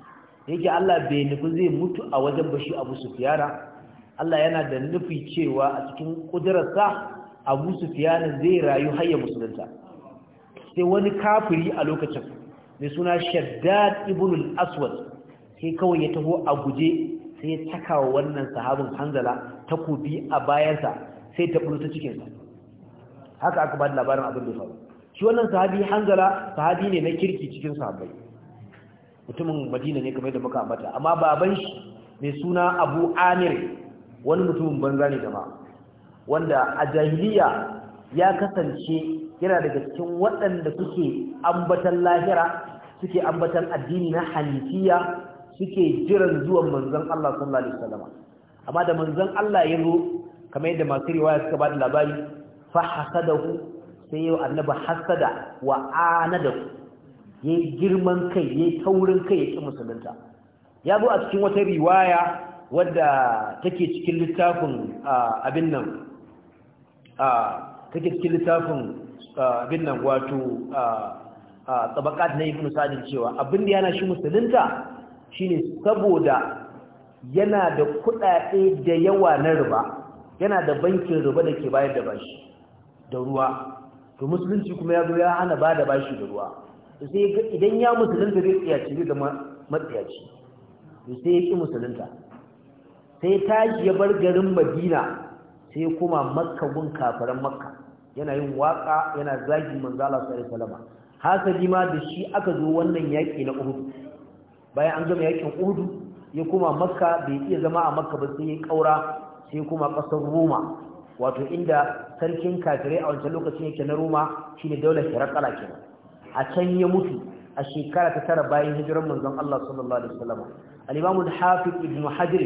yake Allah bai nufi zai mutu a wajen bashi Abu Sufyana Allah yana da nufi cewa a cikin kudirarsa Abu Sufyana zai rayu hayya musulunta sai wani kafiri a lokacin mai suna Shaddad ibn al-Aswad sai kawai ya taho a guje sai ya taka wa wannan sahabin hanzala takobi a bayansa sai ta bulu ta cikinsa haka aka ba da labarin abin da faru shi wannan sahabi hanzala sahabi ne na kirki cikin sahabbai mutumin madina ne kamar da muka ambata amma baban shi mai suna abu amir wani mutumin banza ne jama'a wanda a jahiliya ya kasance yana daga cikin waɗanda suke ambatan lahira suke ambatan addini na hanifiya suke jiran zuwan manzan Allah sallallahu alaihi wasallam amma da manzan Allah ya zo kamar yadda masu riwaya suka ba da labari fa hasadahu sai yau annabi hasada wa anadahu ya girman kai ya taurin kai ya ƙi musulunta ya zo a cikin wata riwaya wadda take cikin littafin abin nan take cikin littafin abin nan wato tsabakat na ibn sa'adin cewa abin da yana shi musulunta shine saboda yana da kuɗaɗe da yawa na riba yana da bankin riba da ke bayar da bashi da ruwa to musulunci kuma ya zo ya hana ba da bashi da ruwa sai idan ya musulunta zai tsiyaci zai zama matsiyaci to sai ya ki musulunta sai tashi ya bar garin madina sai kuma makka gun kafaran makka yana yin waka yana zagi manzo Allah sallallahu alaihi wasallam jima ma da shi aka zo wannan yaki na Uhud bayan an gama yakin Uhud ya kuma makka bai iya zama a makka ba sai ya kaura sai kuma kasar Roma wato inda sarkin kafirai a wancan lokacin yake na Roma shine daular Herakala kenan a can ya mutu a shekara ta tara bayan hijiran manzon Allah sallallahu alaihi wasallam al-Imam al-Hafiz Ibn Hajar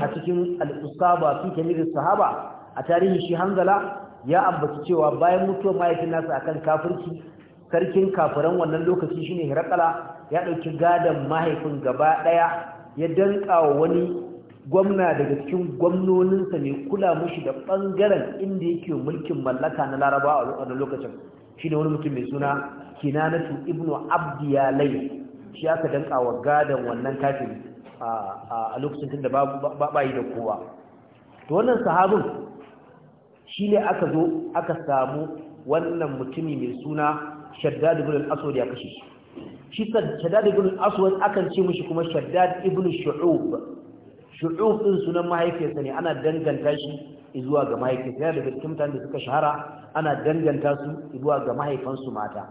a cikin al-Usaba fi kamil sahaba a tarihi shi Hanzala ya ambaci cewa bayan mutuwar mahaifin nasa akan kafirci sarkin kafiran wannan lokaci shine Hirakala ya ɗauki gadon mahaifin gaba ɗaya, ya danka wani gwamna daga cikin gwamnoninsa mai kula mushi da ɓangaren inda yake mulkin mallaka na Larabawa a lokacin shi ne wani mutum mai suna kinanatu ibnu abdiyalai shi aka danka wa gadon wannan kafin a lokacin da ba yi da kowa to wannan sahabin shi ne aka zo aka samu wannan mutumi mai suna shaddad ibn aswad ya kashe shi shi aswad akan ce mishi kuma shaddad ibn shu'ub shu'ub din sunan mahaifiyarsa ne ana danganta shi zuwa ga mahaifinsu yana daga cikin mutane da suka shahara ana danganta su zuwa ga mahaifansu mata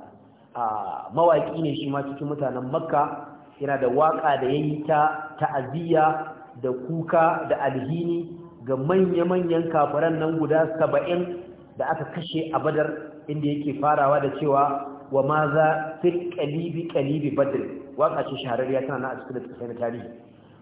mawaƙi ne shi ma cikin mutanen makka yana da waƙa da ya yi ta ta'aziyya da kuka da alhini ga manya-manyan kafaran nan guda saba'in da aka kashe a badar inda yake farawa da cewa wa ma za fil kalibi kalibi badar Waƙa ce shahararriya tana na a cikin na tarihi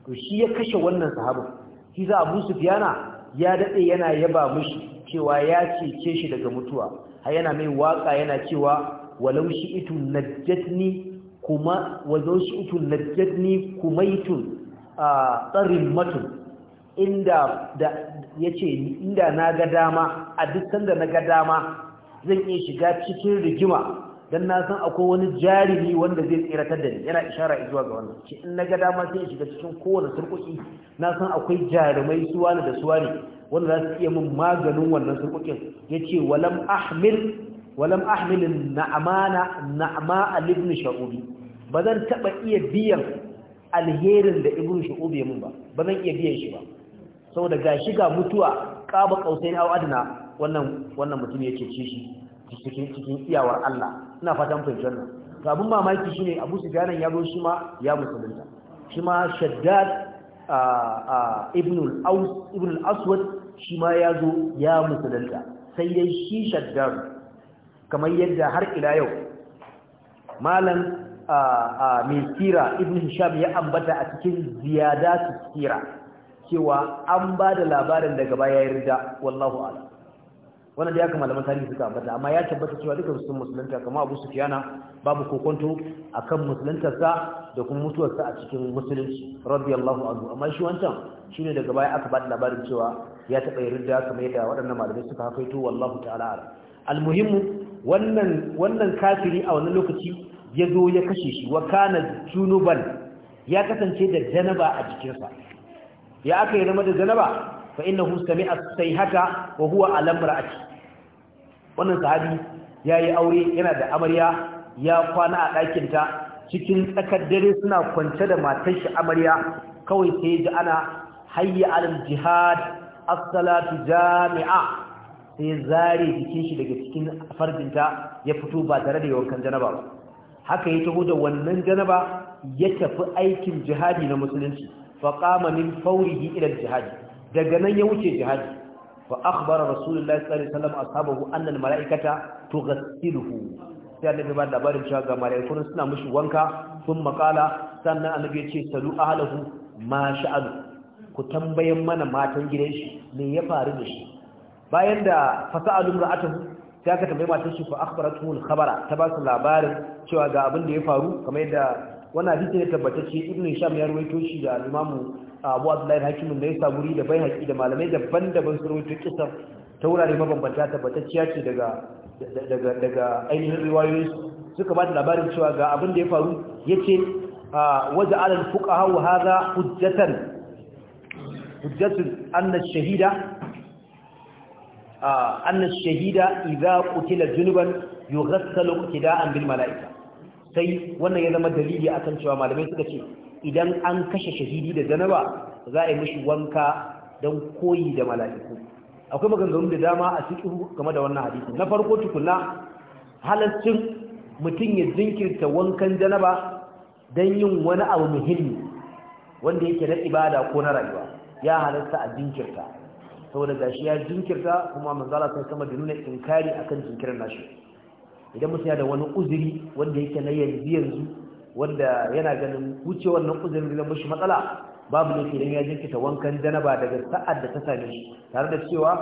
to shi ya kashe wannan sahabin shi za a busu fiyana ya daɗe yana yaba mushi cewa ya cece shi daga mutuwa har yana mai waƙa, yana cewa walau shi itu najjatni kuma wazo shi itu najjatni kumaitun a tsarin matun inda da yace inda na ga dama a duk sanda na ga dama zan iya shiga cikin rigima dan na san akwai wani jarumi wanda zai tsiratar da ni yana ishara zuwa ga wannan shi in na ga dama sai in shiga cikin kowane surkuki na san akwai jarumai suwa da suwa ne wanda za su iya min maganin wannan surkukin yace walam ahmil walam ahmil na'mana na'ma ibn sha'ubi bazan taba iya biyan alherin da ibn sha'ubi ya min ba bazan iya biyan shi ba saboda gashi ga mutuwa ƙaba ƙausai na adna wannan wannan mutum yake ce shi cikin cikin iyawar Allah ina fatan fahimtar wannan to abin mamaki shine Abu Sufyan ya zo shi ma ya musulunta shi ma Shaddad ibn aswad shi ma ya zo ya musulunta sai dai shi Shaddad kamar yadda har ila yau malam mai sira ibn hisham ya ambata a cikin ziyada su sira cewa an ba da labarin daga baya ya rida wallahu ala wannan da ya kamata malaman tarihi suka ambata amma ya tabbata cewa duka sun musulunta kamar Abu Sufyana babu kokonto akan musuluntarsa da kuma mutuwarsa a cikin musulunci radiyallahu anhu amma shi wancan shine daga baya aka bada labarin cewa ya taba yarda kamar yadda waɗannan malamai suka hakaito wallahu ta'ala almuhimmu wannan wannan kafiri a wannan lokaci ya zo ya kashe shi wa kana junuban ya kasance da janaba a jikinsa ya aka yi zama da janaba fa innahu sami'a sayhata wa huwa ala imra'ati wannan sahabi yayi aure yana da amarya ya kwana a ɗakin ta cikin tsakar dare suna kwance da matar shi amarya kawai sai ji ana hayya alal jihad as-salatu jami'a sai zare jikin shi daga cikin farjinta ya fito ba tare da yawan janaba ba haka ya taho da wannan janaba ya tafi aikin jihadi na musulunci fa qama min fawrihi ila jihadi daga nan ya wuce jihadi fa akhbara rasulullahi sallallahu alaihi wasallam ashabahu anna al malaikata tughassiluhu sai annabi ba labarin cewa ga malaikun suna mushi wanka sun makala sannan annabi ya ce salu ahlahu ma sha'alu ku tambayan mana matan gidan shi me ya faru da shi bayan da fasa'alu ra'atuhu sai aka tambaye matan shi fa akhbaratuhu al-khabara ta ba su labarin cewa ga abin da ya faru kamar yadda wannan hadisi ne tabbatacce ibnu hisham ya ruwaito shi da imamu abu abdullahi hakimin da ya samu ri da bai haƙi da malamai daban-daban su rawaito kisan ta wurare mabambanta tabbatacciya ce daga daga daga ainihin riwayoyin suka ba da labarin cewa ga abin da ya faru yace waje alal fuqaha wa hadha hujjatan hujjatun anna shahida anna shahida idza qutila junuban yughassalu iqtida'an bil mala'ika sai wannan ya zama dalili akan cewa malamai suka ce idan an kashe shahidi da zanaba za a yi mishi wanka don koyi da mala'iku akwai maganganun da dama a cikin game da wannan hadisi na farko tukuna halaccin mutum ya jinkirta wankan janaba don yin wani abu muhimmi wanda yake na ibada ko na rayuwa ya halatta a jinkirta saboda gashi ya jinkirta kuma manzala sun sama da nuna inkari akan jinkirin nashi idan mutum ya da wani uzuri wanda yake na yanzu yanzu wanda yana ganin wuce wannan uzurin da mushi matsala babu ne idan ya jinkita wankan janaba daga sa'ad da ta same shi tare da cewa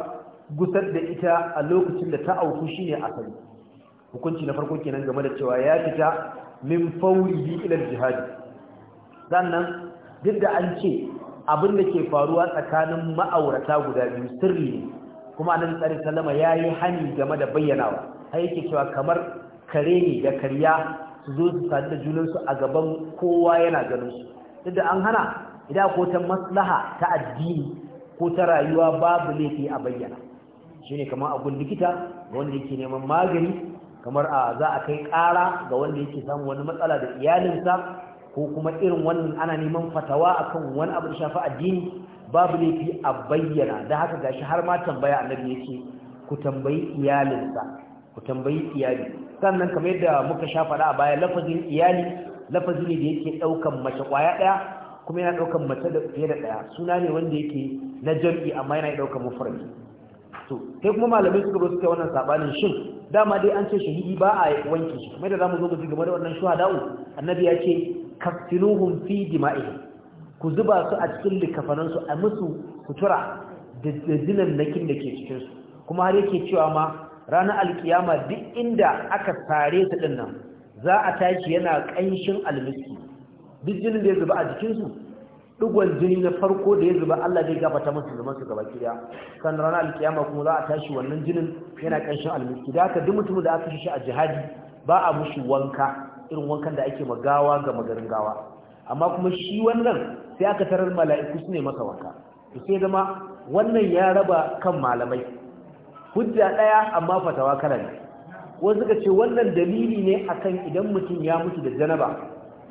gusar da ita a lokacin da ta auku shine asali hukunci na farko kenan game da cewa ya fita min fauri bi ila jihad sannan duk da an ce abin da ke faruwa tsakanin ma'aurata guda biyu sirri ne kuma nan tsari sallama yi hani game da bayyanawa har yake cewa kamar kare ne da karya su zo su sadu da junansu a gaban kowa yana ganin su duk da an hana idan ko ta maslaha ta addini ko ta rayuwa babu laifi a bayyana shine kamar abun likita ga wanda yake neman magani kamar a za a kai ƙara ga wanda yake samun wani matsala da iyalinsa ko kuma irin wannan ana neman fatawa akan wani abu da shafi addini babu laifi a bayyana da haka gashi har ma tambaya annabi yake ku tambayi iyalinsa ku tambayi iyali sannan kamar yadda muka sha faɗa a baya lafazin iyali lafazi ne da yake ɗaukan mace ƙwaya ɗaya kuma yana ɗaukan mace da fiye da ɗaya suna ne wanda yake na jam'i amma yana ɗaukan mafarki to sai kuma malamai suka suka wannan sabanin shin dama dai an ce shahidi ba a wanke shi kuma da zamu zo mu game da wannan shuhada'u annabi ya ce kafinuhum fi dima'ihim ku zuba su a cikin likafanan su a musu kutura da dinan nakin da ke cikin su kuma har yake cewa ma ranar alkiyama duk inda aka tare su din za a tashi yana ƙanshin almiski duk jinin da ya zuba a jikinsu digon jini na farko da ya zuba Allah zai gabata masa zaman su gaba kiriya kan ranar alkiyama kuma za a tashi wannan jinin yana ƙanshin almiski da haka duk mutumin da aka shi a jihadi ba a mushi wanka irin wankan da ake magawa ga magarin gawa amma kuma shi wannan sai aka tarar mala'iku su ne maka wanka sai zama wannan ya raba kan malamai hujja ɗaya amma fatawa kara ne wasu suka ce wannan dalili ne akan idan mutum ya mutu da janaba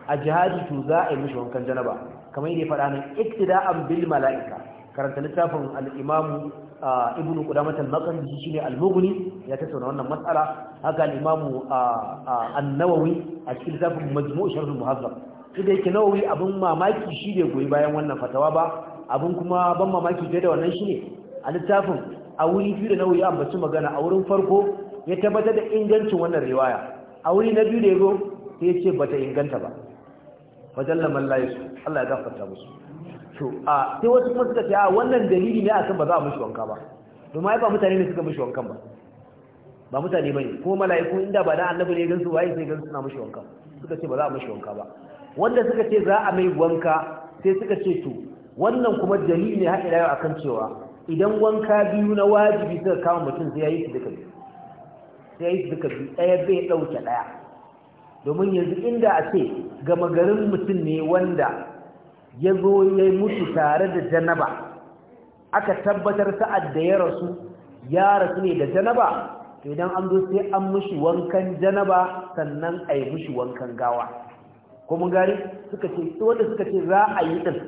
a jihadi to za a yi mishi wankan janaba kamar yadda ya faɗa nan an bil mala'ika karanta littafin al'imamu ah, ibn qudamah al-maqdisi shine al-mughni ya tattauna wannan matsala haka al-imamu ah, ah, an-nawawi a cikin littafin majmu' sharh al-muhazzab idan yake nawawi abin mamaki shi ne goyi bayan wannan fatawa ba Abin kuma ban mamaki fiye da wannan shine a littafin a wuri biyu da nawa ya ambaci magana a wurin farko ya tabbatar da ingancin wannan riwaya a wuri na biyu da ya zo sai ya ce bata inganta ba fajalla man layisu Allah ya gafarta musu to a sai wasu kuma suka ce wannan dalili ne akan ba za a mushi wanka ba domin ba mutane ne suka mushi wankan ba ba mutane bane ko mala'iku inda ba na annabi ne gansu waye sai gansu na mushi wanka suka ce ba za a mushi wanka ba wanda suka ce za a mai wanka sai suka ce to wannan kuma dalili ne haɗe rayu akan cewa idan wanka biyu na wajibi suka kama mutum sai ya yi su duka biyu sai ya yi su duka biyu ɗaya bai ɗauke ɗaya domin yanzu inda a ce gama garin mutum ne wanda ya zo ya mutu tare da janaba aka tabbatar sa'ad da ya rasu ya rasu ne da janaba idan an zo sai an mushi wankan janaba sannan a yi mushi wankan gawa kuma gari suka ce wanda suka ce za a yi ɗin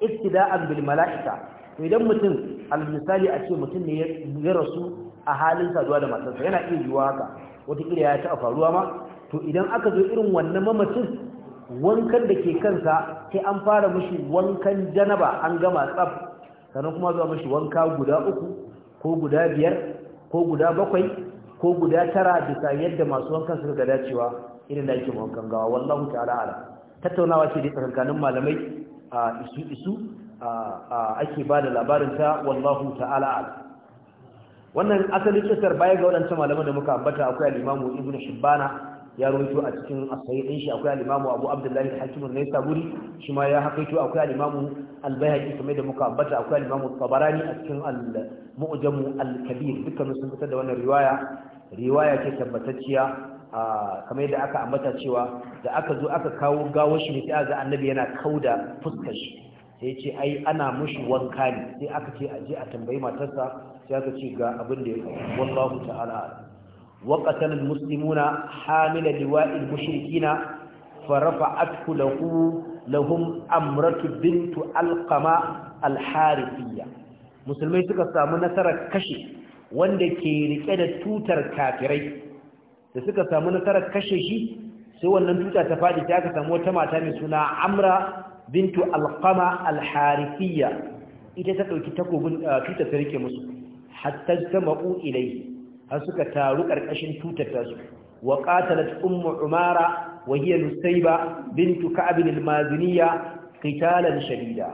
iftida'an bil mala'ika to idan mutum almisali a ce mutum ne ya rasu a halin saduwa da matarsa yana iya yiwuwa haka wata wataƙila ya ta faruwa ma to idan aka zo irin wannan mamacin wankan da ke kansa sai an fara mashi wankan janaba an gama tsaf sannan kuma zuwa mushi wanka guda uku ko guda biyar ko guda bakwai ko guda tara bisa yadda masu wankan suka gada dacewa, irin da ake wankan gawa wallahu ta'ala ala tattaunawa ce da tsakankanin malamai a isu isu ake ba da labarinta wallahu ta'ala wannan asalin kisar baya ga waɗancan malaman da muka ambata akwai alimamu ibn shibbana ya rawaito a cikin asayi shi akwai alimamu abu abdullahi hakim ne saburi shi ma ya hakaito akwai alimamu al-bayhaqi kamar da muka ambata akwai alimamu tabarani a cikin al-mu'jamu al-kabir dukkan sun fitar da wannan riwaya riwaya ce tabbatacciya kamar yadda aka ambata cewa da aka zo aka kawo gawo shi ne sai annabi yana kauda fuskar shi sai ce ai ana mushi wanka ne sai aka ce aje a tambayi matarsa sai aka ce ga abinda ya faru wallahu ta'ala wa qatal almuslimuna hamila liwa'il mushrikina farafa'athu lahu lahum amratu bintu alqama Alharifiya. musulmai suka samu nasarar kashe wanda ke rike da tutar kafirai da suka samu nasarar kashe shi sai wannan tuta ta faɗi ta aka samu wata mata mai suna amra bintu alqama alharifiyya ita ta dauki takobin ah, tuta ta rike musu hatta ilai har suka taru karkashin tutar ta su wa qatalat ummu umara wa hiya nusayba bintu ka'ab almaziniyya qitalan shadida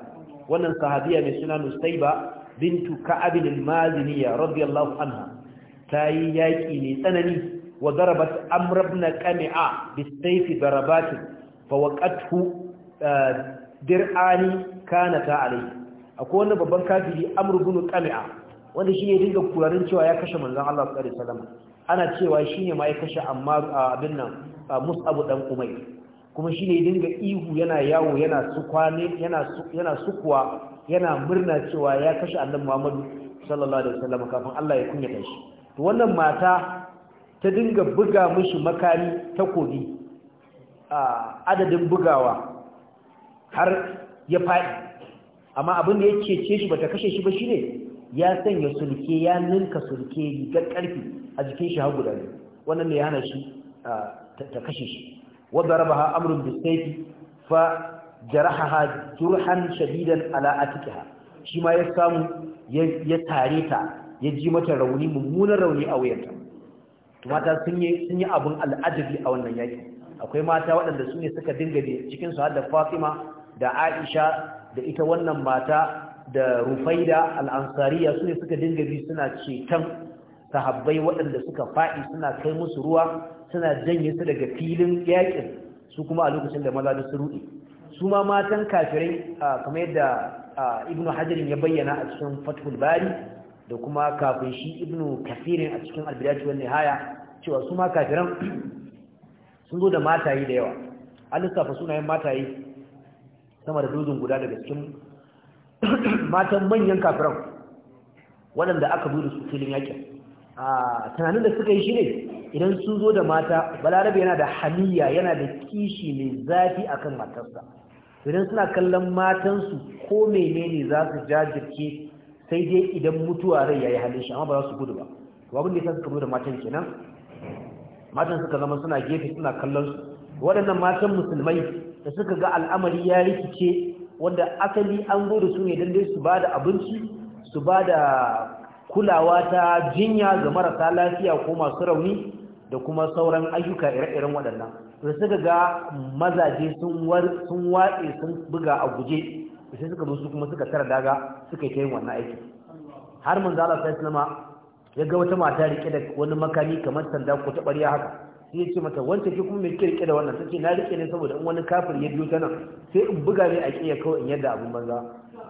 wannan sahabiya mai suna nusayba bintu ka'ab almaziniyya radiyallahu anha tayi yaki ne tsanani wa darabat amr ibn qami'a bisayfi darabatin fa waqathu ah, dir'ani Kana ta alai akwai wani babban kafiri amr bin qami'a wanda shine dinga kurarin cewa ya kashe manzon Allah sallallahu alaihi wasallam ana cewa shine ma ya kashe amma abin nan mus'abu dan umayr kuma shine dinga ihu yana yawo yana sukwane yana yana sukuwa yana murna cewa ya kashe annabi Muhammadu sallallahu alaihi wasallam kafin Allah ya kunyata shi to wannan mata ta dinga buga mishi makami takobi a adadin bugawa har ya faɗi amma abin da ya cece shi bata kashe shi ba ne ya sanya sulke ya ninka sulke rigar ƙarfi a jikin shi har guda wannan ne ya hana shi ta kashe shi wadda ha Amurin bisaifi fa jarahaha jurhan shadidan ala atikiha shi ma ya samu ya tare ta ya ji mata rauni mummunan rauni a wuyarta mata sun yi sun yi abin al'ajabi a wannan yaki akwai mata waɗanda su ne suka dinga cikin su har da Fatima da Aisha da ita wannan mata da Rufaida al'ansariya ansariya su ne suka dinga bi suna ceton sahabbai waɗanda suka faɗi suna kai musu ruwa suna janye su daga filin yaƙin, su kuma a lokacin da maza da su rudi su ma matan kafirai kamar yadda Ibn Hajarin ya bayyana a cikin Fathul Bari da kuma kafin shi Ibn Kathirin a cikin Al-Bidayah wa Nihaya cewa su ma kafiran sun zo da mataye da yawa an lissafa sunayen mataye sama da dozin guda daga cikin matan manyan kafiran waɗanda aka zo da su filin yakin a tunanin da suka yi shi ne idan sun zo da mata balarabe yana da hamiya yana da kishi mai zafi akan matarsa idan suna kallon matansu ko menene za su jajirce sai dai idan mutuwa rai yayi halin shi amma ba za su gudu ba to abin da yasa suka zo da matan kenan matan suka zama suna gefe suna kallon su waɗannan matan musulmai da suka ga al'amari ya rikice wanda asali an zo da su ne don dai su ba da abinci su ba da kulawa ta jinya ga marasa lafiya ko masu rauni da kuma sauran ayyuka ire-iren waɗannan da suka ga mazaje sun watse sun buga a guje sai suka su kuma suka tara daga suka yi ta wannan aiki har manzala sai islama ya ga wata mata rike da wani makami kamar sanda ko taɓarya haka sai ya ce mata wanda ke kuma mai kirke da wannan sai na rike ne saboda in wani kafir ya biyo ta nan sai in buga ne a ya kawai in yadda abun banza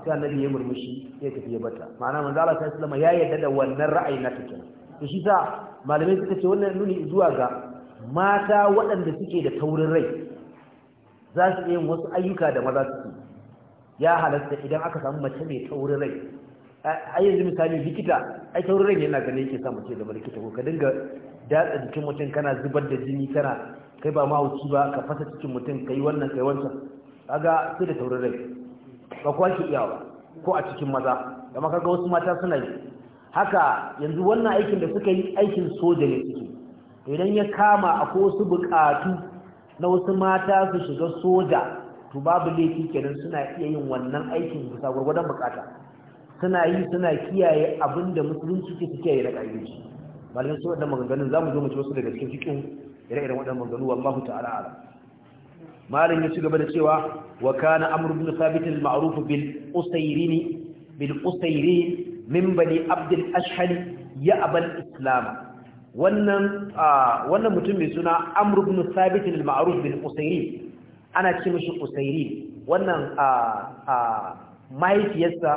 sai annabi ya murmushi ya tafi ya bata ma'ana manzo Allah sai sallama ya yarda da wannan ra'ayi na ta kenan to shi sa malamai suka ce wannan nuni zuwa ga mata waɗanda suke da taurin rai za su yin wasu ayyuka da maza suke ya halatta idan aka samu mace mai taurin rai a yanzu misali likita ai taurin rai yana ganin yake sa mace da likita ko ka dinga datsa jikin mutum kana zubar da jini kana kai ba mahauci ba ka fasa cikin mutum ka yi wannan kai wancan kaga sai da taurin rai ba kuwa ke iya ba ko a cikin maza amma kaga wasu mata suna yi haka yanzu wannan aikin da suka yi aikin soja ne suke idan ya kama ko wasu buƙatu na wasu mata su shiga soja to babu laifi kenan suna iya yin wannan aikin bisa gwargwadon bukata suna yi suna kiyaye abinda da musulunci suke kiyaye da ƙarfi malamin su waɗannan maganganun za mu zo mu ci wasu daga cikin fikin ire-iren waɗannan maganganu wallahu ta'ala ala malam ya ci gaba da cewa wa kana amr ibn thabit al-ma'ruf bil usayrini bil usayri min bani abd al-ashhal ya abal islam wannan wannan mutum mai suna amru ibn thabit al-ma'ruf bil usayri ana ce mishi usayri wannan mahaifiyarsa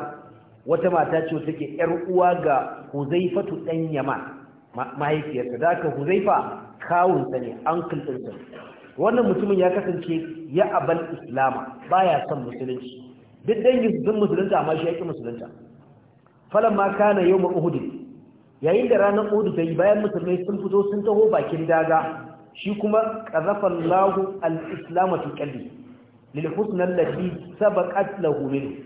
wata mata ce take yar uwa ga huzaifatu dan yaman mahaifiyarsa da aka huzaifa kawunsa ne an kulɗinsa wannan mutumin ya kasance ya abal islama baya son musulunci duk dangin sun musulunta amma shi ya ƙi musulunta falon ma kana yau ma uhudu yayin da ranar uhudu ta yi bayan musulmai sun fito sun taho bakin daga shi kuma ƙarafar lahu al'islama fi ƙalli lilhusnan lafi sabakat lahumin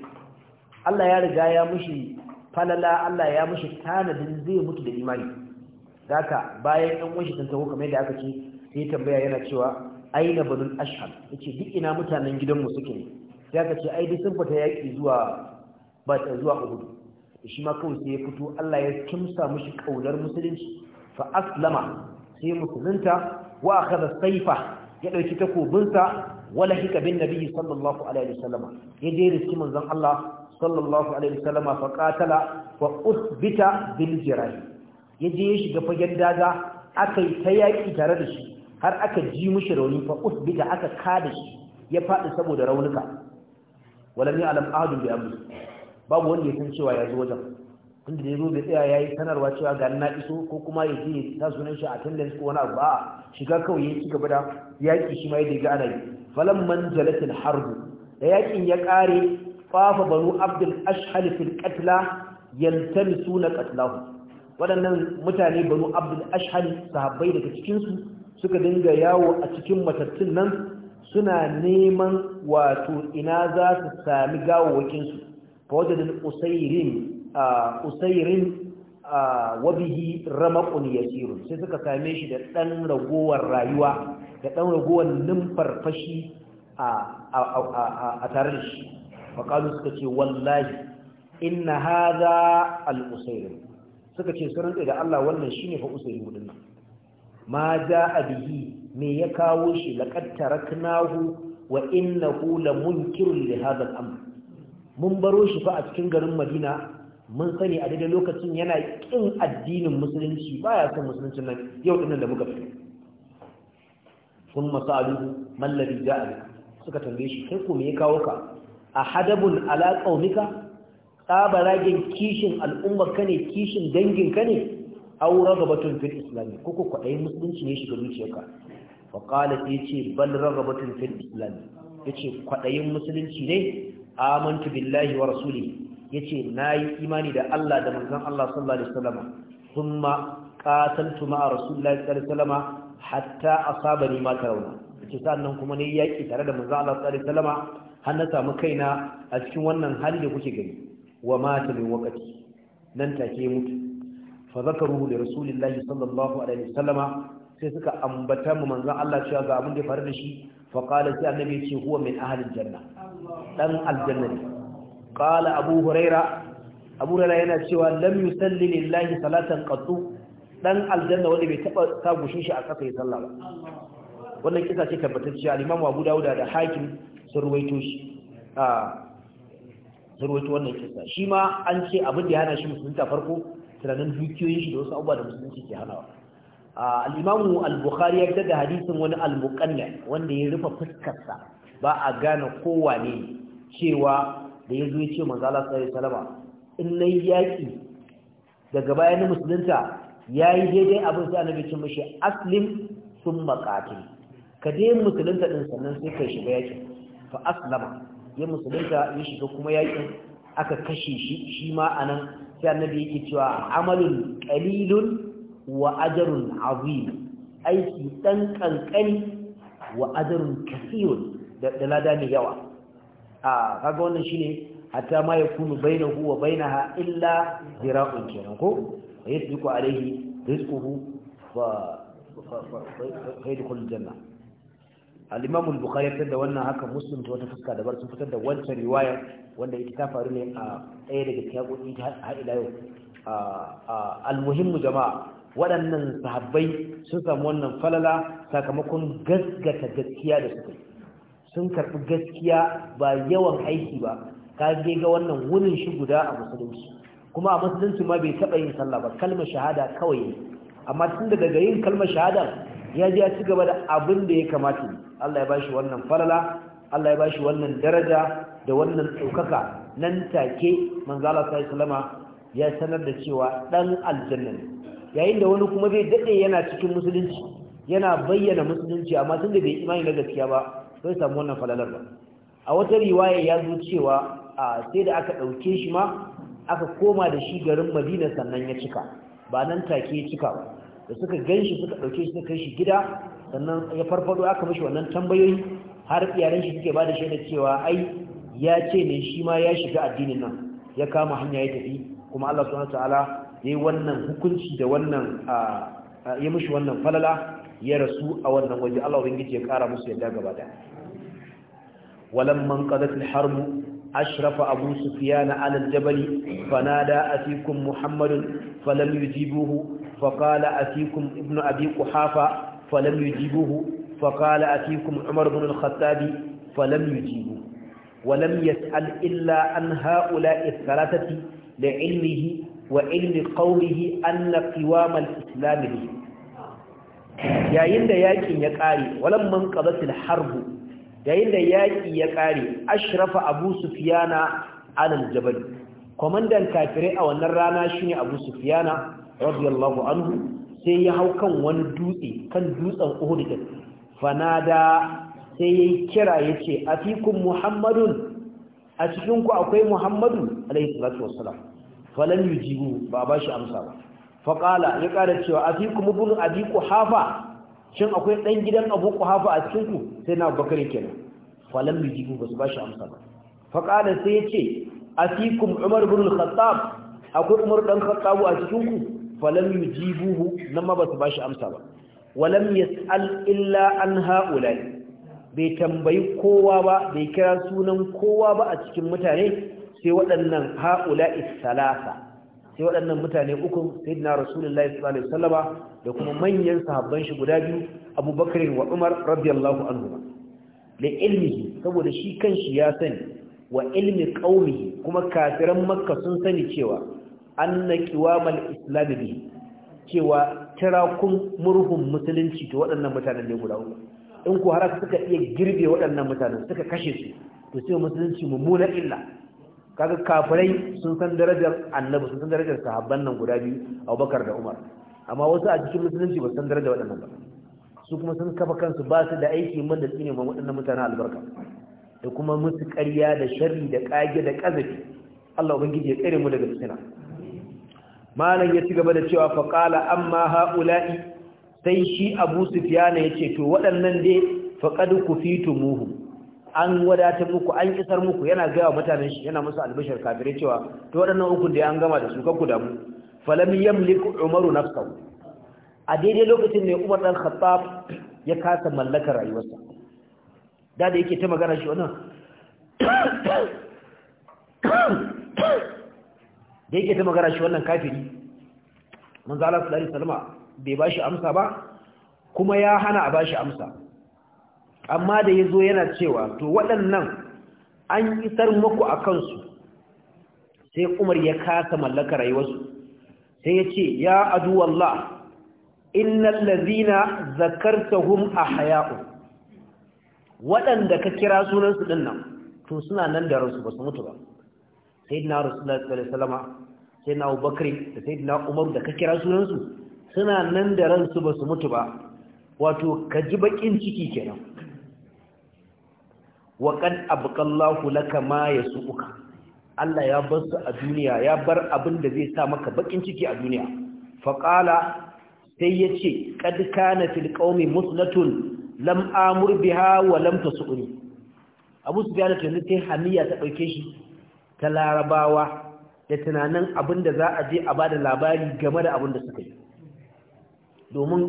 Allah ya riga ya mushi falala Allah ya mushi tanadin zai mutu da imani daka bayan yan washe sun kamar yadda aka ce sai tambaya yana cewa aina banul ashhal ce, duk ina mutanen gidanmu suke ne sai aka ce ai duk sun fita yaƙi zuwa ba ta zuwa Uhud shi ma kawai sai ya fito Allah ya kimsa mishi ƙaunar musulunci fa aslama sai musulunta wa akhadha ya ɗauki takobinsa wala hika bin nabi sallallahu alaihi wasallama ya je riski manzon Allah sallallahu alaihi wasallama fa qatala wa uthbita bil jirahi ya je ya shiga fagen daga aka yi ta yaƙi tare da shi har aka ji mushi rauni fa usbita aka kada shi ya faɗi saboda raunuka walam ya alam ahadun bi amri babu wanda ya san cewa ya zo wajen tunda da ya zo bai tsaya ya yi sanarwa cewa ga na iso ko kuma ya je ta sunan shi a attendance ko wani abu ba shiga kawai ya ci gaba da yaƙi shi ma yadda ya ga ana yi falan man harbu da yaƙin ya ƙare fafa banu abdul ashhal fil qatla yaltamisuna qatlahu waɗannan mutane banu abdul ashhal sahabbai daga cikinsu suka dinga yawo a cikin matattun nan suna neman wato ina za su sami gawawakinsu fa wajen usairin usairin wabihi ramakun yasirun sai suka same shi da ɗan ragowar rayuwa da ɗan ragowar numfarfashi a tare da shi faƙalu suka ce wallahi inna haza al-usairin suka ce sunan da Allah wannan shine fa usairi gudun nan ma a bihi me ya kawo shi laqad taraknahu wa innahu munkir li hadha al-amr mun baro shi fa a cikin garin Madina mun sani a daidai lokacin yana kin addinin musulunci baya son musulunci nan yau din da muka fito kun masalu mallari ja'a suka tambaye shi kai ko me ya kawo ka ahadabun ala qaumika tsabaragen kishin al'ummar ka ne kishin dangin ka ne aw ragabatun fil islam ko ko kwaɗayin musulunci ne shiga zuciyarka fa qala sai yace bal ragabatun fil islam ce kwaɗayin musulunci ne amantu billahi wa Ya ce na yi imani da Allah da manzon Allah sallallahu alaihi wasallam thumma qataltu ma'a rasulillahi sallallahu alaihi wasallam hatta asabani ma tarawna yace sannan kuma ne yaki tare da manzon Allah sallallahu alaihi wasallam har na samu kaina a cikin wannan hali da kuke gani wa mata min waqti nan take mutu fa zakaruhu da rasulillahi sallallahu alaihi wasallama sai suka ambata mu manzon Allah cewa ga abin da faru da shi fa qala sai annabi ya ce huwa min ahli aljanna dan aljanna ne qala abu huraira abu huraira yana cewa lam yusalli lillahi salatan qattu dan aljanna wanda bai taba sa shi a kasa ya sallah ba wannan kisa ce tabbatacciya al-Imam Abu Dawud da Hakim sun ruwaito shi ah, zarwaito wannan kisa shi ma an ce abin da ya hana shi musulunta farko tunanin dukiyoyin shi da wasu abubuwa da musulunci ke hanawa al'imamu al-bukhari ya fitar da hadisin wani al wanda ya rufe fuskarsa ba a gane kowa ne cewa da ya zo ya ce manzo Allah sallallahu alaihi wasallam in nayi yaki daga bayan musulunta yayi daidai abin sai annabi bikin mishi aslim sun qatil ka dai musulunta ɗin sannan sai kai shiga yaki fa aslama ya musulunta ya shiga kuma yakin aka kashe shi shi ma anan sai annabi yake cewa amalun ƙalilun wa ajrun azim aiki ɗan ƙanƙani wa ajrun da lada ne yawa a kaga wannan shine hatta ma yakunu bainahu wa ha illa zira'un kenan ko yasbiqu alayhi rizquhu wa fa yadkhulul janna Alimamul imam al-bukhari fitar da wannan haka muslim ta wata fuska dabar sun fitar da wancan riwaya wanda ita ta faru ne a ɗaya daga cikin haƙoƙi har ila yau al-muhimmu jama'a waɗannan sahabbai sun samu wannan falala sakamakon gaskata gaskiya da suka sun karɓi gaskiya ba yawan aiki ba ka ga wannan wurin shi guda a musulunci kuma a musulunci ma bai taɓa yin sallah ba kalmar shahada kawai amma tun daga yin kalmar shahada ya ji ya ci gaba da abin da ya kamata Allah ya bashi wannan falala Allah ya ba shi wannan daraja da wannan ɗaukaka nan take manzala sai salama ya sanar da cewa ɗan aljanna ne yayin da wani kuma bai daɗe yana cikin musulunci yana bayyana musulunci amma tun da bai imani na gaskiya ba sai samu wannan falalar ba a wata riwaya ya zo cewa sai da aka ɗauke shi ma aka koma da shi garin madina sannan ya cika ba nan take ya cika ba da suka gan shi suka ɗauke shi kai shi gida sannan ya farfado aka mashi wannan tambayoyi har iyalan shi suke ba da shaida cewa ai ya ce ne shi ma ya shiga addinin nan ya kama hanya ya tafi kuma Allah subhanahu ta'ala ya yi wannan hukunci da wannan ya mishi wannan falala ya rasu a wannan waje Allah ubangiji ya kara musu yadda gaba da walamman man qadat al harm أشرف أبو سفيان على الجبل فنادى أتيكم محمد فلم يجيبوه فقال أتيكم ابن أبي قحافة فلم يجيبوه فقال أتيكم عمر بن الخطاب فلم يجيبوه ولم يسأل إلا عن هؤلاء الثلاثة لعلمه وعلم قوله أن قوام الإسلام له يا يند ياكين يقاري ولم من قضت الحرب yayin da yaƙi ya ƙare ashrafa abu sufiyana alal jabal kwamandan kafirai a wannan rana shine abu sufiyana radiyallahu anhu sai ya hau kan wani dutse kan dutsen uhud fanada sai yayi kira yace afikum muhammadun a cikin akwai muhammadu alaihi salatu wassalam falan yujibu ba ba shi amsa ba Faƙala ya ƙara cewa afikum ibn abi quhafa shin akwai ɗan gidan abu kuhafa a cikinku sai na bakare kenan falon bijibu ba su ba shi amsa ba faƙada sai ya ce a fikun umar bin khattab akwai umar ɗan khattabu a cikinku falon yujibuhu nan ma ba su ba shi amsa ba walam yas'al illa an ha'ula bai tambayi kowa ba bai kira sunan kowa ba a cikin mutane sai waɗannan is salasa sai waɗannan mutane uku sayyidina rasulullahi sallallahu alaihi wasallama da kuma manyan sahabban shi guda biyu abubakar wa umar radiyallahu anhu da ilmihi saboda shi kan shi ya sani wa ilmi qaumihi kuma kafiran makka sun sani cewa anna qiwamal islam bi cewa tarakun murhun musulunci to waɗannan mutanen ne guda uku in ku har suka iya girbe waɗannan mutanen suka kashe su to sai musulunci mummuna illa kaga kafirai sun san darajar annabi sun san darajar sahabban nan guda biyu abubakar da umar amma wasu a cikin musulunci ba san darajar waɗannan ba su kuma sun kafa kansu ba su da aiki man da tsine ma waɗannan mutanen albarka da kuma musu ƙarya da sharri da ƙage da ƙazafi Allah ubangiji ya tsere mu daga fitina malam ya ci gaba da cewa fa qala amma haula'i sai shi Abu Sufyan ya ce to waɗannan dai faqad kufitumuhu an wadatar muku an isar muku yana gaya mutanen shi yana musu albishar kafirai cewa to waɗannan uku da an gama da su kanku damu falam yamlik umaru nafsahu a daidai lokacin ne umar dan khattab ya kasa mallakar rayuwarsa da da yake ta magana shi wannan da yake ta magana shi wannan kafiri manzo Allah sallallahu alaihi wasallam bai bashi amsa ba kuma ya hana a bashi amsa amma da ya zo yana cewa to waɗannan an isar muku a kansu sai umar ya kasa mallaka rayuwarsu sai ya ce ya aduwallah innal lazina zakartahum ahya'u waɗanda ka kira sunansu ɗin nan to suna nan da ransu ba su mutu ba sayyidina rasulullahi sallallahu alaihi wasallam sayyidina abubakar da sayyidina umar da ka kira sunansu suna nan da ransu ba su mutu ba wato ka ji bakin ciki kenan wa qad abqallahu laka ma yasuuka Allah ya bar su a duniya ya bar abin da zai sa maka bakin ciki a duniya fa qala sai yace qad kana fil qaumi muslatun lam amur biha wa lam tasuni Abu Sufyan ta yanzu sai hamiya ta dauke shi ta larabawa da tunanin abin da za a je a bada labari game da abin da suka yi domin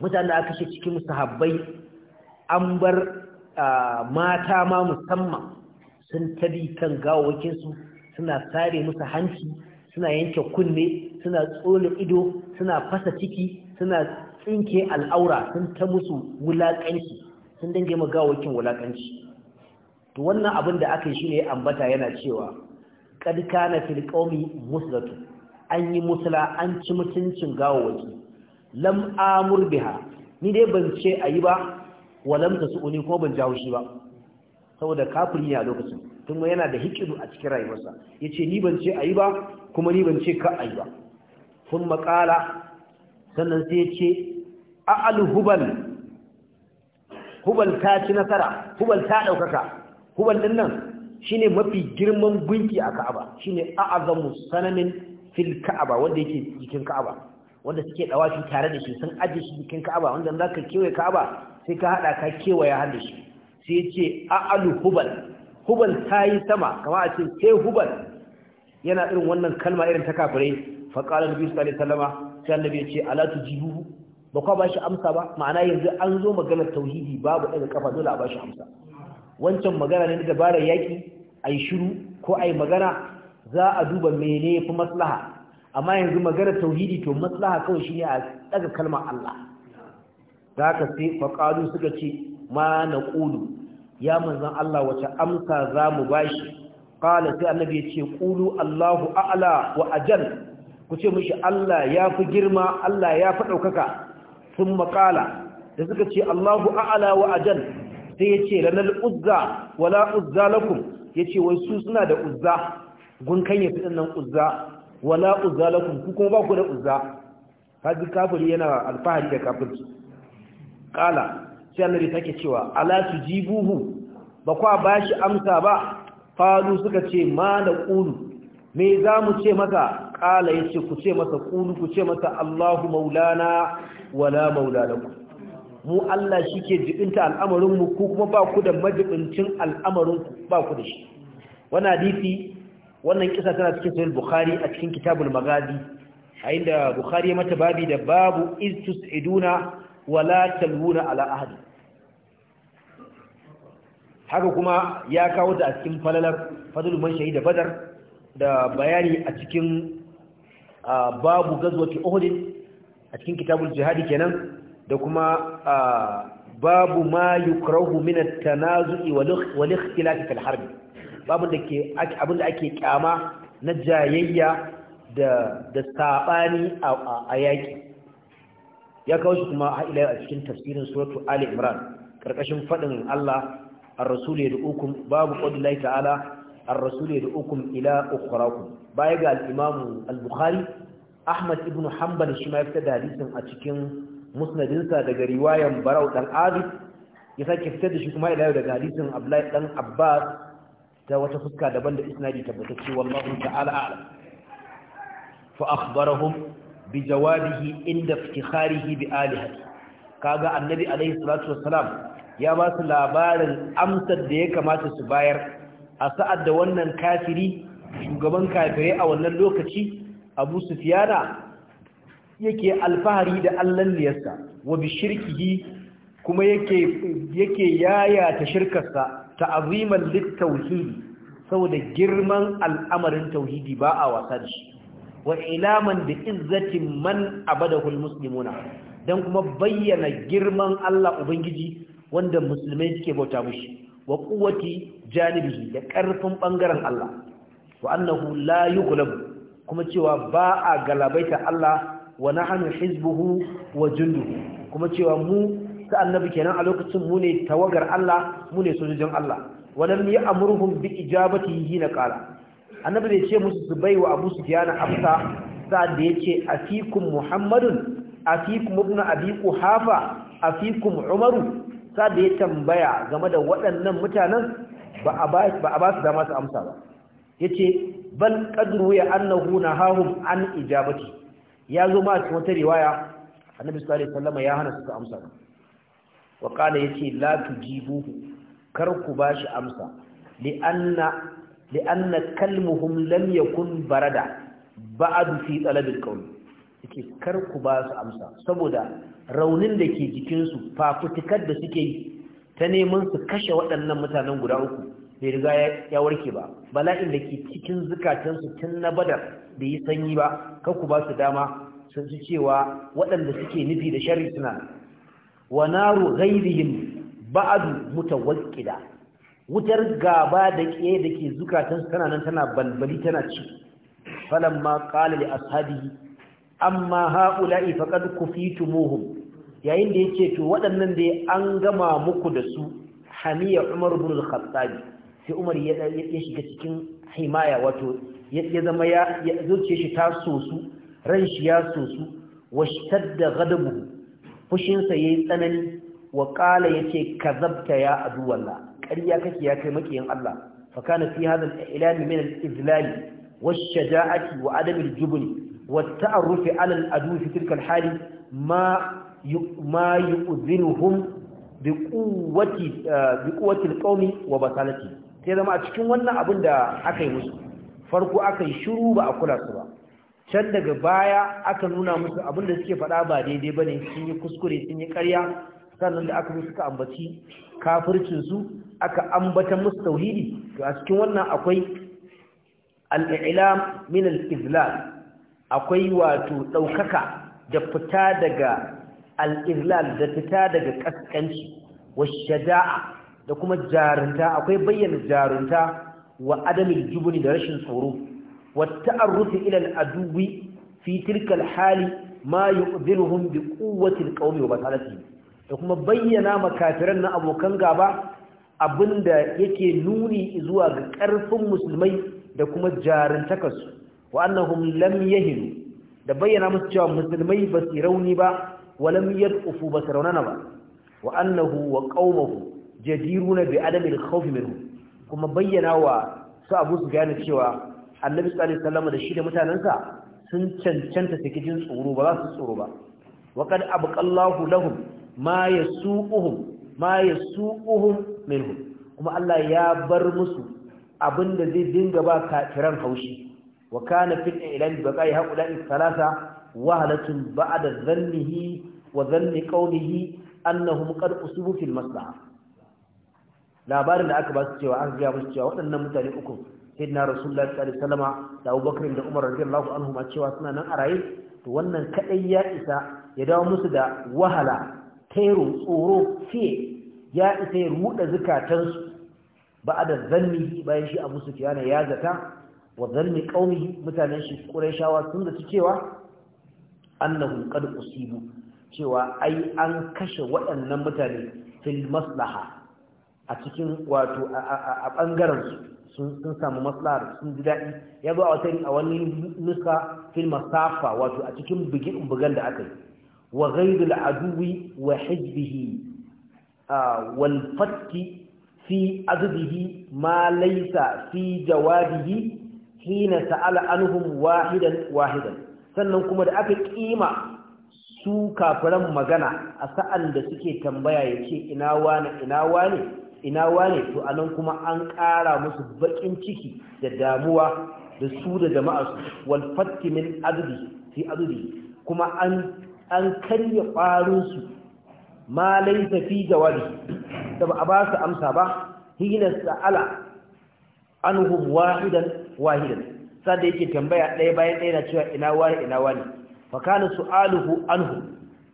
mutane aka shi cikin sahabbai an bar mata ma musamman sun tabi kan su, suna sare musu hanci suna yanke kunne suna tsole ido suna fasa ciki suna tsinke al'aura sun ta musu wulaƙanci sun dange ma gawokin wulaƙanci to wannan abin da aka yi shi ne ambata yana cewa kad na fil qaumi muslatu an yi musla an ci mutuncin gawo lam amur biha ni dai ban ce a yi ba walam tasuni ko ban jawo shi ba saboda kafin ne a lokacin tun yana da hikiru a cikin rayuwarsa ce ni ban ce yi ba kuma ni ban ce ka yi ba sun makala sannan sai yace a'al hubal hubal ta ci nasara hubal ta ɗaukaka. hubal din nan shine mafi girman gunki a Ka'aba shine a'azamu sanamin fil Ka'aba wanda yake jikin Ka'aba wanda suke dawashi tare da shi sun aje shi jikin Ka'aba wanda ka kewaye Ka'aba sai ka haɗa ka kewaya hannun shi sai ya ce a'alu hubal hubal ta yi sama kama a ce sai hubal yana irin wannan kalma irin ta kafirai faƙalar biyu sallallahu alaihi wasallama sai annabi ya ce Alatu tujibuhu ba kwa ba shi amsa ba ma'ana yanzu an zo maganar tauhidi babu ɗaga kafa dole a ba shi amsa wancan magana ne da bara yaki yi shiru ko ai magana za a duba mene fi maslaha amma yanzu maganar tauhidi to maslaha kawai shi ne a ɗaga kalmar Allah da aka fi faƙalu suka ce ma na ƙulu ya manzan Allah wace amsa za mu ba shi ƙala sai annabi ya ce ƙulu Allahu a'ala wa ajal ku ce mishi Allah ya fi girma Allah ya fi ɗaukaka sun maƙala da suka ce Allahu a'ala wa ajal sai ya ce ranar uzza wala uzza lakum ya ce wai su suna da uzza gun kan ya fi ɗannan uzza wala uzza lakum ku kuma ba ku da uzza Haji kafiri yana alfahari da kafirci kala sai annabi take cewa ala tujibuhu ba kwa bashi amsa ba falu suka ce ma na qulu me zamu ce maka kala yace ku ce masa qulu ku ce masa Allahu maulana wala maulalakum mu Allah shike jibinta al'amarin mu ku kuma ba ku da majibincin al'amarin ku ba ku da shi wannan hadisi wannan kisa tana cikin sahih bukhari a cikin kitabul magazi a inda bukhari ya mata babi da babu istus iduna wala talwuna ala ahadi haka kuma ya kawo da a cikin falalar fadlul man shahida badar da bayani a cikin babu gazwati uhud a cikin kitabul jihad kenan da kuma babu ma yukrahu min at-tanazu'i wal ikhtilaf fil harb babu da ke abinda ake kyama na jayayya da da sabani a yaki ya kawo shi kuma a ila a cikin tafsirin suratu ali imran karkashin fadin Allah ar-rasul yad'ukum babu qawli ta'ala ar-rasul yad'ukum ila ukhrakum baya ga al-imam al-bukhari ahmad ibn hanbal shi ma ya da hadisin a cikin musnadinsa daga riwayan barau dan abi ya sake fitar da shi kuma ila daga hadisin abdullahi dan abbas ta wata fuska daban da isnadi tabbatacce wallahu ta'ala a'lam fa akhbarahum bi jawabihi inda iftikharihi bi alihati kaga annabi alaihi salatu wassalam ya ba su labarin amsar da ya kamata su bayar a sa'ad da wannan kafiri shugaban kafirai a wannan lokaci abu sufiyana yake alfahari da allan liyarsa wa bi shirkihi kuma yake yake yayata shirkarsa ta'aziman lit tauhidi saboda girman al'amarin tauhidi ba a wasa da shi wa ilaman bi izzatin man abadahu muslimuna dan kuma bayyana girman Allah ubangiji wanda musulmai suke bauta mushi wa quwwati janibi da karfin ɓangaren Allah wa annahu la yughlab kuma cewa ba a galabaita Allah wa nahnu hizbuhu wa junduhu kuma cewa mu ta annabi kenan a lokacin mu ne tawagar Allah mu ne sojojin Allah walam ya'muruhum bi yi hina qala annabi zai ce musu su baiwa abu sufyan hafsa sa'ad da yace fikun muhammadun afikum ibn hafa, a fikun umaru sa'ad da ya tambaya game da waɗannan mutanen ba a ba su dama su amsa ba Ya ce ban qadru ya annahu hahun an ijabati ya zo ma cikin wata riwaya annabi sallallahu alaihi wasallam ya hana su amsa ba. wa ya yace la tujibuhu kar ku bashi amsa li anna li'anna kalmuhum lam yakun barada ba'adu fi talabil qawl yake kar ku ba su amsa saboda raunin da ke jikinsu fafutukar da suke yi ta neman su kashe waɗannan mutanen guda uku bai riga ya warke ba bala'in da ke cikin zukatansu tun na badar bai yi sanyi ba kar ku ba su dama sun su cewa waɗanda suke nufi da shari suna wa naru ghairihim ba'adu waƙida. wutar gaba da ƙe da ke zukatan tana nan tana balbali tana ci falamma qala li ashabihi amma haula'i faqad kufitumuhum yayin da yake to waɗannan da an gama muku da su hamiya Umar ibn al-Khattab sai Umar ya shiga cikin himaya wato ya zama ya zuce shi ta sosu ran shi ya sosu washtadda ghadabuhu fushin sa yayi tsanani wa qala yace kazabta ya wallahi ƙarya kake ya kai makiyin Allah fa kana fi hadha al-i'lam min al-izlal wash-shaja'ati wa adam al-jubn wa at-ta'arruf 'ala al-adu fi tilka al-hal ma ma yu'dhinuhum bi quwwati bi quwwati al-qawmi wa basalati sai zama a cikin wannan abin da aka yi musu farko aka yi shiru ba a kula su ba can daga baya aka nuna musu abin da suke faɗa ba daidai ne sun yi kuskure sun yi ƙarya sannan da aka suka ambaci kafircinsu aka ambata musu tauhidi to a cikin wannan akwai al-i'lam min al-izlal akwai wato daukaka da fita daga al-izlal da fita daga kaskanci washada'a da kuma jarunta akwai bayyana jarunta wa adamil jubni da rashin tsoro wa ta'arrufi ila al-aduwi fi tilka al-hali ma yu'dhiruhum bi quwwati al-qawmi wa basalatihi da kuma bayyana makafiran na abokan gaba abinda yake nuni zuwa ga ƙarfin musulmai da kuma jarantakarsu wa annahum lam yahilu da bayyana musu cewa musulmai ba su rauni ba wa lam yadqufu ba su raunana ba wa annahu wa qaumahu jadiruna bi adami al-khawf minhu kuma bayyana wa su Abu gane cewa Annabi sallallahu alaihi wasallam da shi da mutanansa sun cancanta cikin tsoro ba za su tsoro ba wa qad abqallahu lahum ma yasuquhum ma yasuquhum minhum kuma Allah ya bar musu abinda zai dinga ba kafiran haushi wa kana fil ilan baqai haula'i thalatha wahalatun ba'da dhannihi wa dhanni qawlihi annahum qad usibu fil maslaha labarin da aka ba su cewa an ga musu cewa waɗannan mutane uku sayyidina rasulullahi sallallahu alaihi da Abubakar da Umar radiyallahu anhu ma cewa suna nan a raye to wannan kadai ya isa ya dawo musu da wahala tairo tsoro fiye ya isa ya ruɗa zukatansu da zanni bayan shi Abu Sufyan ya zata wa zanni qaumihi mutanen shi shawa, sun da cewa annahum qad usibu cewa ai an kashe waɗannan mutane fil maslaha a cikin wato a bangaren su sun samu maslahar sun ji dadi ya zo a wata a wani nuska fil masafa wato a cikin bugin bugan da aka yi wa ghayrul aduwi wa hijbihi wal fatki fi ma laisa fi jawabihi hina sa'ala anhum wahidan wahidan sannan kuma da aka kima su kafiran magana a sa'an da suke tambaya yace ina wani ina wani ina wane to anan kuma an ƙara musu baƙin ciki da damuwa da su da jama'a su min adli fi kuma an an karya ƙwarinsu. ma laisa fi jawabi da ba a ba su amsa ba hina sa'ala anhum wahidan wahidan sai yake tambaya ɗaya bayan ɗaya na cewa ina wani ina wani fa kana su'aluhu anhu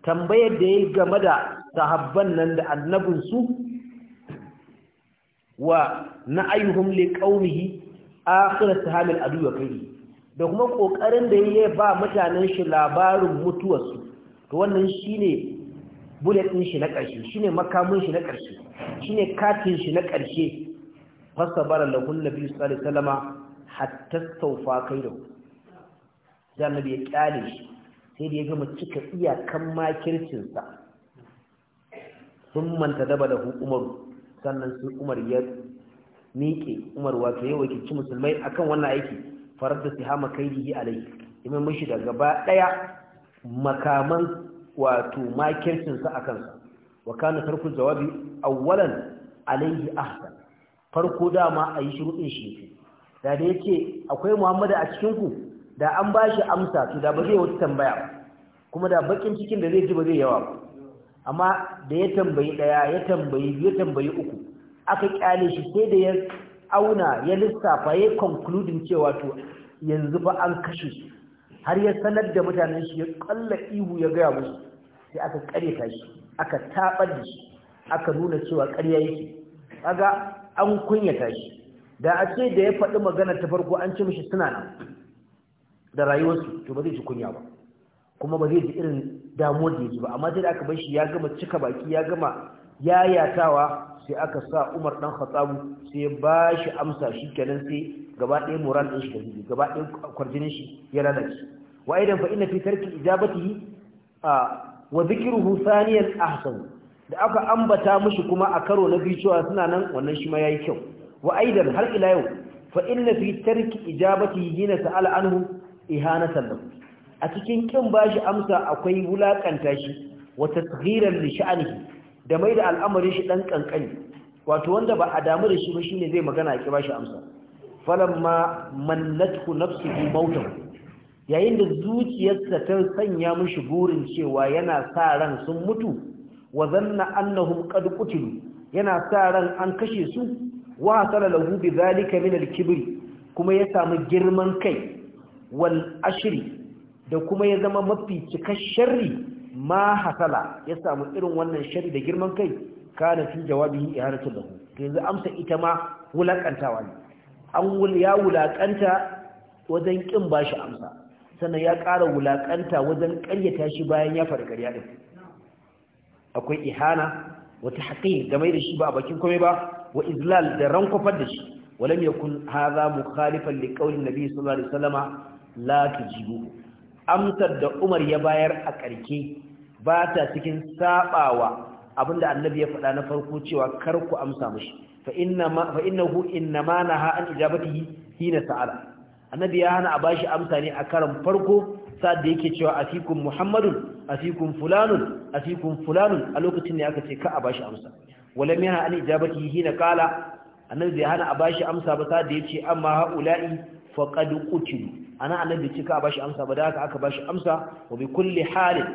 tambayar da yayi game da sahabban nan da annabin su wa na'ayuhum liqaumihi akhirat hamil adu wa kai da kuma kokarin da yayi ba mutanen shi labarin mutuwarsu to wannan shine bullet din shi na ƙarshe shine makamin shi na ƙarshe shine katin shi na ƙarshe fasabara lahun nabi sallallahu alaihi wasallama hatta taufa kai da da nabi ya kyale shi sai da ya gama cika iyakan makircin sa sun manta daba da hukumar sannan sun Umar ya miƙe Umar wato ya wakilci musulmai akan wannan aiki farar da su Hama, kai kaidihi alai imam shi da gaba ɗaya makaman wato makircinsa a kansa wa kana tarku jawabi awwalan alayhi ahsan farko dama a yi shirudin shi da da yace akwai muhammadu a cikin ku da an bashi amsa to da ba zai wata tambaya kuma da bakin cikin da zai ji ba zai yawa ba amma da ya tambayi ɗaya, ya tambayi biyu ya tambayi uku aka kyale shi sai da ya auna ya lissafa ya concluding cewa to yanzu ba an kashe su har ya sanar da mutanen shi ya kalla ihu ya gaya musu sai aka ta shi aka taɓar da shi aka nuna cewa ƙarya yake kaga an kunyata shi da a ce da ya faɗi magana ta farko an ci mishi suna nan da rayuwarsu to ba zai ji kunya ba kuma ba zai ji irin damuwar da ya ji ba amma sai da aka bar shi ya gama cika baki ya gama yayatawa sai aka sa Umar dan Khattab sai ba shi amsa shi kenan sai gaba ɗaya moral din shi da zai gaba ɗaya kwarjinin shi ya lalace wa aidan fa inna fi tarki ijabatihi wa dhikruhu thaniyan ahsan da aka ambata mushi kuma a karo na biyu cewa suna nan wannan shi ma yayi kyau wa aidan har ila yau fa inna fi tarki ijabatihi hina sa'ala anhu ihanatan lahu a cikin kin bashi amsa akwai wulakanta shi wa tasghiran li sha'nihi da mai da al'amarin shi ɗan kankani wato wanda ba a damu da shi ba shine zai magana ya kira shi amsa falamma mannathu bi mautan yayin da zuciyarsa ta sanya mishi burin cewa yana sa ran sun mutu wa zanna annahum qad qutilu yana sa ran an kashe su wa hasala lahu bi zalika min al-kibri kuma ya samu girman kai wal ashri da kuma ya zama mafi cikar sharri ma hasala ya samu irin wannan shari da girman kai kana fi jawabi iharatu lahu yanzu amsa ita ma wulakantawa ne an wul ya wulakanta wajen kin bashi amsa sannan ya ƙara wulakanta wajen ƙaryata shi bayan ya faɗi ƙarya din akwai ihana wa tahqir game da shi ba a bakin komai ba wa izlal da rankwafar da shi walam yakun hadha mukhalifan liqawli nabi sallallahu alaihi wasallama la tujibuhu amsar da Umar ya bayar a ƙarke ba ta cikin saɓawa abinda annabi ya faɗa na farko cewa kar ku amsa mashi fa inna fa innahu innama naha an ijabatihi hina sa'ala annabi ya hana a bashi amsa ne a karan farko sa'ad da yake cewa afikum muhammadun afikum fulanun afikum fulanun a lokacin da aka ce ka a bashi amsa wala miha an ijabatihi hina qala annabi ya hana a bashi amsa ba sa'ad da yake amma haula'i faqad qutilu ana annabi ce ka bashi amsa ba da haka aka bashi amsa wa bi kulli halin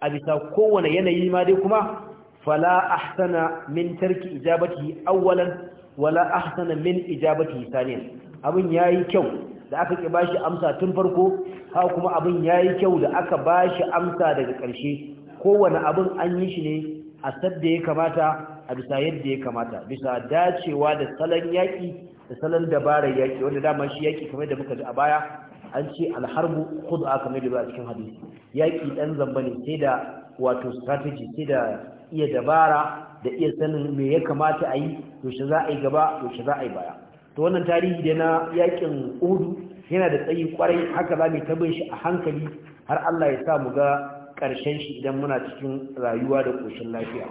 a bisa kowane yanayi ma dai kuma fala ahsana min tarki ijabati awwalan wala ahsana min ijabati thaniyan abin yayi kyau da aka ki bashi amsa tun farko ha kuma abin yayi kyau da aka bashi amsa daga karshe kowane abun an yi shi ne a sadda ya kamata a bisa yadda ya kamata bisa dacewa da salon yaki da salon dabarar yaki wanda dama shi yaki kamar da muka ji a baya an ce alharbu aka kamar da a cikin hadisi yaki ɗan zamba ne sai da wato strategy sai da iya dabara da iya sanin me ya kamata a yi yaushe za a yi gaba yaushe za a yi baya to wannan tarihi da na yakin uhudu yana da tsayi kwarai haka za mu tabin shi a hankali har Allah ya sa mu ga ƙarshen shi idan muna cikin rayuwa da koshin lafiya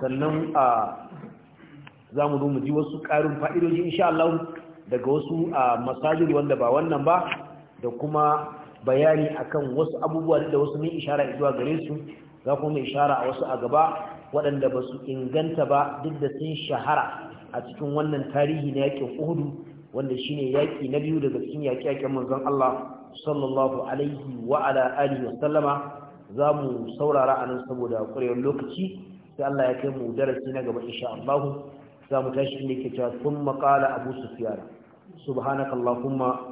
sannan a za mu zo mu ji wasu ƙarin fa'idoji insha Allah daga wasu masajir wanda ba wannan ba da kuma bayani akan wasu abubuwa da wasu mun ishara zuwa gare su za kuma ishara a wasu a gaba waɗanda ba su inganta ba duk da sun shahara a cikin wannan tarihi na yakin uhudu wanda shine yaƙi na biyu daga cikin yaƙe-yaƙen manzon Allah sallallahu alaihi wa ala alihi wa sallama za mu saurara a nan saboda ƙwarewar lokaci sai Allah ya kai mu darasi na gaba insha Allah za mu tashi inda yake cewa sun maƙala abu sufiyana subhanakallahumma